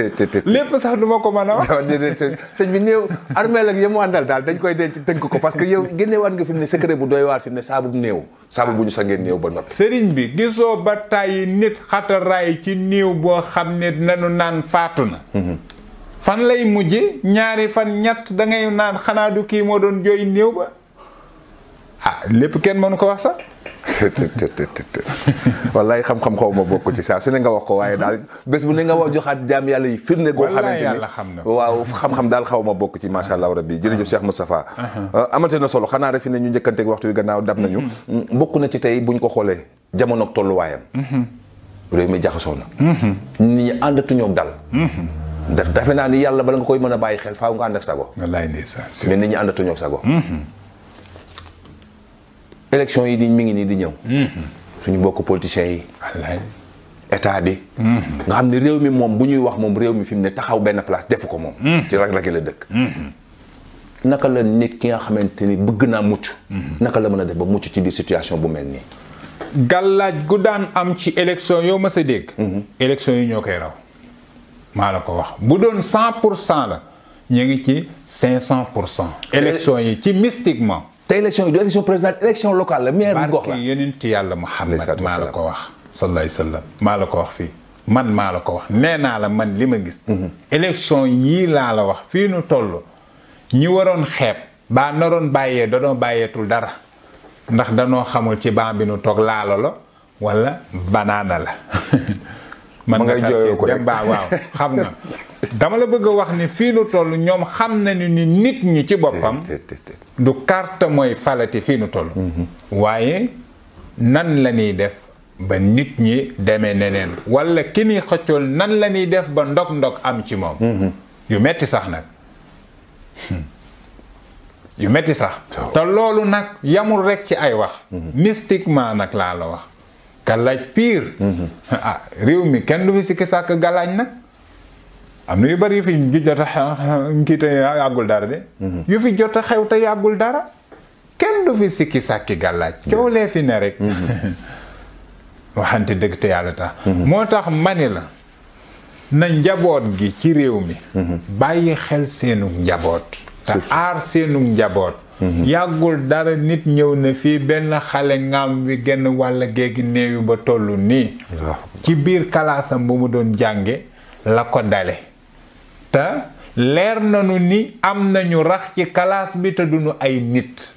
A: lépp sax du ma ko man a wax. sëñ bi néew armeel ak yemu àndal daal dañ koy denc tënk ko parce que yow génneewaat nga fi mu ne secret bu doy waar fi mu ne saabu néew. saabu bu ñu sangee néew ba noppi. sëriñ bi gisoo ba tàyyi nit xataraay ci néew boo xam
B: ne nanu naan faatu na. Mhm. fan lay mujje ñaari fan ñett da naan xanaa du kii moo doon jooy néew ba.
A: ah lépp kenn mënu ko wax sax. wallaay xam-xam xaw ma bokk ci saa su ne nga wax ko waaye daal bés bu ne nga wax joxaat jaam yàlla yi firnde goo xamante ni waaw xam-xam daal xaw ma bokk ci macha allah rabbi jërëjëf Cheikh Moustapha uh-huh. uh, amante na solo xanaa refi ne ñu njëkkanteeg waxtu wi gannaaw dab nañu uh-huh. mm, na ci tey buñ ko xoolee jamonoog tolluwaayam uh-huh. réew mi jaxasoo na nit ñi àndatuñoo dal ndax defe naa ni yàlla bala nga koy mën a bàyyi xel faaw nga ànd ak sago wallaay ndeysaan mais nit sago élection yi di mi ngi nii di ñëw. Mm-hmm. suñu bokk politiciens yi. état bi. Mm-hmm. nga xam ne réew mi moom bu ñuy wax moom réew mi fi mu ne taxaw benn place defu ko moom. Mm-hmm. ci rag-ragi la dëkk. naka la nit ki nga xamante ni bëgg naa mucc. naka la mën a def ba mucc ci biir situation bu mel nii.
B: gàllaaj gu daan am ci élection yow ma sa dégg. élection yi ñoo koy raw. maa la ko wax bu doon cent pour cent la ñu ngi ci cinq cent yi ci mystiquement. te
A: élection yi du élection présidentielle élection locale la maire
B: bu gox la barke yonent yàlla Muhammad maa la ko wax sallallahu alayhi wa maa la ko wax fii man maa la ko wax nee naa la man li ma gis mhm. élection yii laa la wax fii nu toll ñi waroon xeeb baa naroon bàyyee danoo bàyyeetul dara ndax danoo xamul ci ban bi nu toog laalo la walla banaana la man nga jooyoo ko dem baa waaw xam nga dama la bëgg a wax ni fii lu toll ñoom xam nañu ni nit ñi ci boppam du carte mooy falati fii nu toll mhm. waaye nan la ñuy def ba nit ñi demee neneen walla ki ni xëccool nan la ñuy def ba ndog ndog am ci moom mhm. yu metti sax nag hmm. yu metti sax te loolu nag yamul rek ci ay wax mhm. mystiquement nag laa la wax galaaj piir ah, réew mi kenn du fi sikki sàkk galaañ nag am na yu bari yu fi jot a kii yàggul dara de. Mhm. yu fi jot a xew te yàggul dara. kenn du fi sikki sàkki gàllaaj mhm. coow lee fi ne rek. Mhm. waxante dëgg te yàlla tax. moo tax mani la. na njaboot gi ci réew mi. bàyyi xel seenu njaboot. te aar seenu njaboot. yàggul dara nit ñëw na fii benn xale ngaam bi genn wàll géegi néew ba toll nii. ci biir kalaasam bu mu doon jànge la ko dale. te leer nañu ni am nañu rax ci kalaas bi te duñu ay nit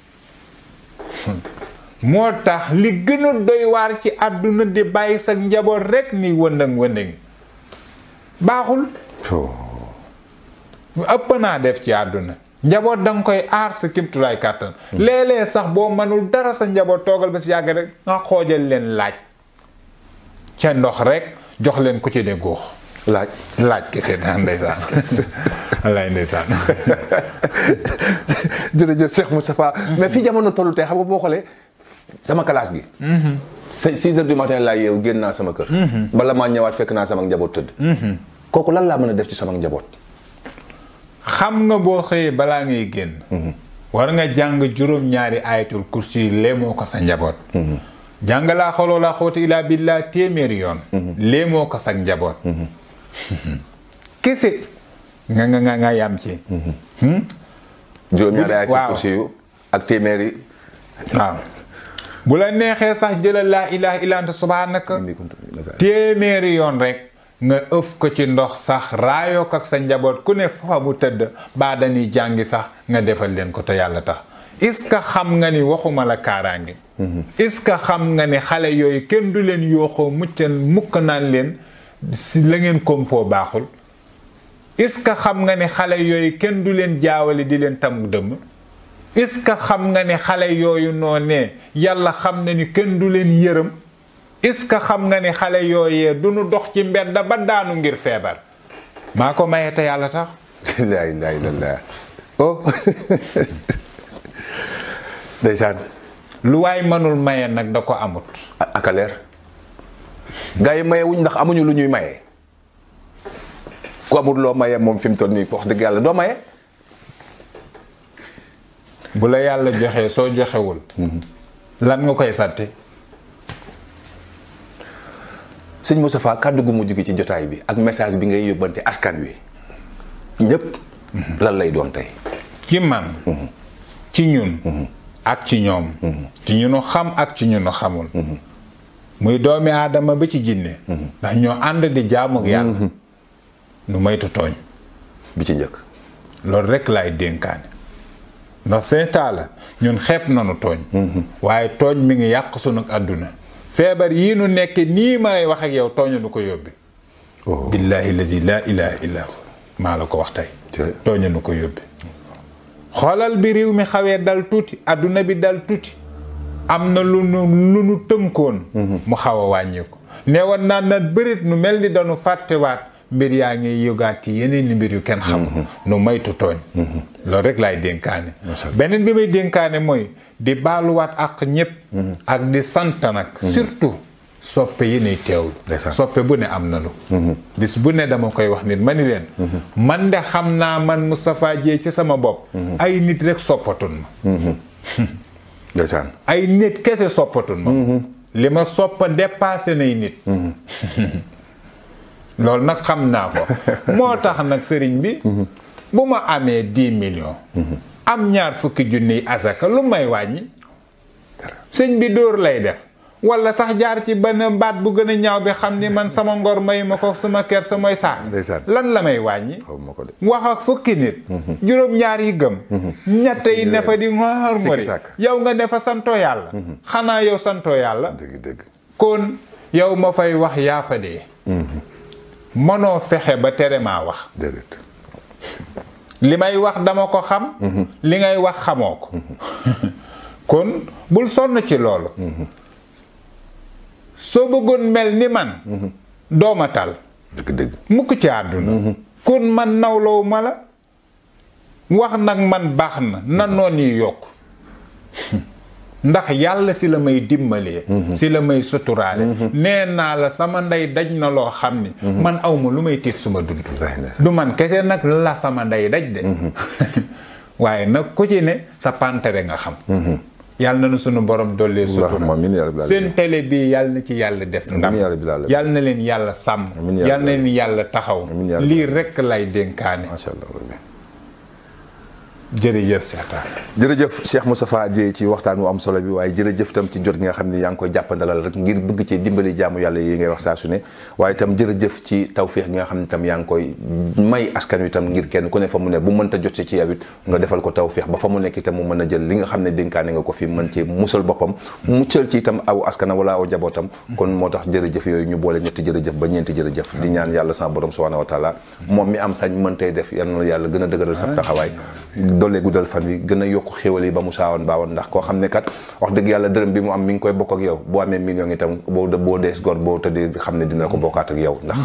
B: moo tax li gën a doy ci àdduna di bàyyi sag njaboot rekk ni wëndëng wëndëng baaxul ëpp naa def ci àdduna njaboot danga koy aar sa kimtulaay kàttan hmm. léeg-léeg sax boo mënul dara sa njaboot toogal ba si yàgg rek nga xoojal leen laaj ca ndox rek jox leen ku ci de góox
A: laaj laaj ke seetaan ndeysaan wallaay ndeysaan jërëjëf Cheikh Moustapha mm-hmm. mais fii jamono tollu tey xam nga boo xoolee sama classe gi mm-hmm. six heures du laa yeewu génn naa sama kër mm-hmm. bala maa ñëwaat fekk naa sama njaboot tëdd kooku lan laa mën a def ci sama njaboot xam nga boo xëyee balaa ngay
B: génn war nga jàng juróom-ñaari ayatul kursi lee moo ko sa njaboot jàng laa xoloo laa xooti ilaa billaa téeméeri yoon lee ko sa njaboot kese nga nga nga nga yam ci. Hmm?
A: juróom-ñaari waaw
B: bu la neexee sax jëlal laa ilaha illa anta subhanaka téeméeri yoon rek. nga ëf ko ci ndox sax raayoo ko ak sa njaboot ku ne fa mu tëdd baa dañuy jàngi sax nga defal leen ko te yàlla tax est-ce que xam nga ni waxuma la kaaraange. Mhm. est-ce xam nga ni xale yooyu kenn du leen yooxoo mucc mukk naan leen. si la ngeen compo baaxul est-ce que xam nga ni xale yooyu kenn du leen jaawale di leen tam dëmm est-ce que xam nga ni xale yooyu noonee yàlla xam na ni kenn du leen yërëm est-ce que xam nga ni xale yooyee du nu dox ci mbedd ba daanu ngir feebar maa ko maye te yàlla tax laa oh. lu waaye mënul maye nag da ko
A: amut akaleer gaa yi maye wuñ ndax amuñu lu ñuy maye ku amut loo maye moom fi mu toll nii wax dëgg yàlla doo maye. bu la yàlla joxee soo joxewul. Mhm. lan nga koy sàtte. sëñ Moustapha kàddu gu mujj gi ci jotaay bi ak message bi ngay yóbbante askan wi ñépp mhm. lan lay doon tey. ci
B: man. Mhm. ci ñun. ak ci ñoom. ci ñunu xam ak ci ñunu xamul. muy doomi aadama ba ci jinne mhm. ndax ñoo ànd di jaamu ak mhm. nu moytu tooñ bi ci njëkk loolu rek laay dénkaane ndax seetaa la ñun xeeb nanu tooñ mhm. waaye tooñ mi ngi yàq sunu àdduna feebar yii nu nekk nii ma lay wax ak yow tooñu nu ko yóbbi oh. billaahi lazi laa ilaaha maa la ko wax tey tooñu nu ko yóbbi xoolal bi réew mi xawee dal tuuti àdduna bi dal tuuti am na lu nu lu nu tënkoon mm-hmm. mu xaw a wàññi ko nee naa na bërit nu mel ni dañu fàttewaat mbir yaa ngi yógaat ci yeneen ni mbir yu kenn xam mm-hmm. nu maytu tooñ mm-hmm. loolu rek laay dénkaane beneen bi may dénkaane mooy di baaluwaat ak ñëpp ak di sant nag surtout soppe yi nuy teewlu soppe bu ne am nanu bis bu ne dama koy wax nit ma ni leen man de xam naa man Moustapha Dieye ci sama bopp ay nit rek soppatun
C: ma ndeysaan
B: ay nit kese soppatun moom mm-hmm. li ma soppa dépassé nay nit
C: mm-hmm.
B: loolu nag xam naa ko moo tax nag sëriñ bi mm-hmm. bu ma amee dix million am ñaar fukki junniy asaka lu may wàññi sëñ bi dóor lay def wala sax jaar ci benn mbaat bu gën a ñaaw bi xam ni man sama ngor may ma ko sama ker sa mooy lan la may wàññi wax ak fukki nit mhm. juróom-ñaar yi gëm mhm. ñett yi ne fa di ngor mari yow nga ne fa santoo yàlla mhm. xanaa yow santoo yàlla dëgg dëgg kon yow ma fay wax yaa fa dee mënoo fexe ba tere maa wax li may wax dama ko xam li ngay wax xamoo ko kon bul sonn ci loolu soo bëggoon mel ni man mhm. dooma mukk ci àdduna mhm. kon man nawloo ma la wax nag man baax na na mhm. noon yi yokk ndax yàlla si la may dimbalee si la may suturaale nee naa la sama ndey daj na loo xam ni man awma lu may tiit suma dund du man kese nag la sama ndey daj de waaye nag ku ci ne sa pantere nga xam yàlla na nu sunu borom dolli sutura seen télé bi yàlla na ci yàlla def ndam yàlla na leen yàlla sàmm yàlla na leen yàlla taxaw lii rekk lay dénkaane
A: jërëjëf Cheikh jërëjëf Cheikh Moustapha Dieye ci waxtaan wu am solo bi waaye jërëjëf tam ci jot gi nga xam ne yaa ngi koy jàppandalal rek ngir bëgg cee dimbali jaamu yàlla yi ngay wax saa su ne waaye itam jërëjëf ci tawféex gi nga xam ne tam yaa ngi koy may askan wi ngir kenn ku ne fa mu ne bu mënta jot si ci yow it nga defal ko tawféex ba fa mu nekk itam mu mën a jël li nga xam ne dénkaane nga ko fi mën cee musal boppam muccal ci itam aw askana wala aw jabootam kon moo tax jërëjëf yooyu ñu boole ñetti jërëjëf ba ñeenti jërëjëf di ñaan yàlla sa borom subhanahu wa taala moom mi am sañ mën tey def yal yàlla gën a dëgëral sa taxawaay dollee guddal fan wi gën a yokk xéwal yi ba mu saawoon baawoon ndax koo xam ne kat wax dëgg yàlla dërëm bi mu am mi ngi koy bokk ak yow boo amee million itam boo boo dees gor boo tëddee xam ne dina ko bokkaat ak yow ndax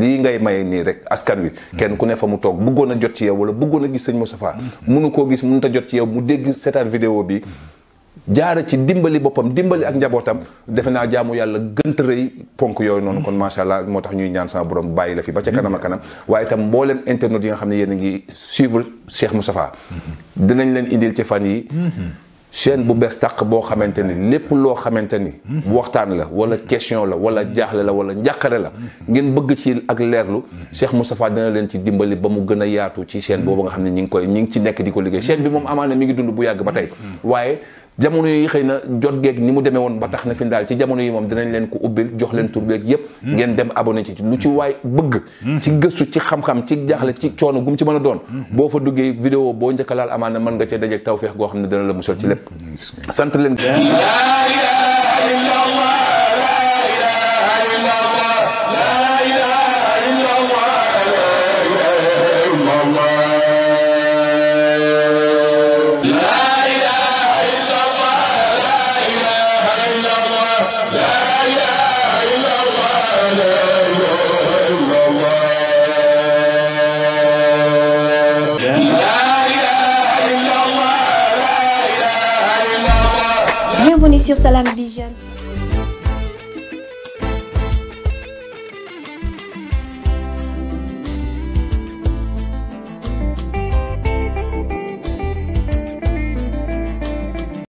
A: lii ngay maye nii rek askan wi kenn ku ne fa mu toog bëggoon a jot ci yow wala bëggoon a gis sëñ Moustapha mm. mënu koo gis mënu a jot ci yow mu dégg seetaan vidéo bi jaara ci dimbali boppam dimbali ak njabootam defe naa jaamu yàlla gënt rëy ponk yooyu noonu kon macha allah moo tax ñuy ñaan sama borom bàyyi la fi ba ca kanam a kanam waaye itam mboolem internet yi nga xam ne yéen a ngi leen indil ci fan yi bu bees tàq boo xamante ni lépp loo xamante ni waxtaan la wala question la wala jaaxle la wala njàqare la ngeen bëgg ci ak leerlu Cheikh Moustapha dina leen ci dimbali ba mu gën a yaatu ci chaîne boobu nga xam ne ñi ngi koy ñi ngi ci nekk di ko liggéey chaîne bi moom amaana mi ngi dund bu yàgg ba tey waaye jamono yi xëy na jot geek ni mu demee woon ba tax na fi daal ci jamono yi moom dinañ leen ko ubbil jox leen tur beeg yépp hmm. ngeen dem abonné ci lu ci waay bëgg hmm. ci gëstu ci xam-xam ci jaaxle ci coono gum ci mën a doon hmm. boo fa duggee vidéo boo njëkk a laal amaana mën nga cee dajeeg tawfeex goo xam ne dina la musal ci lépp sant leen
B: sur Salam Vision.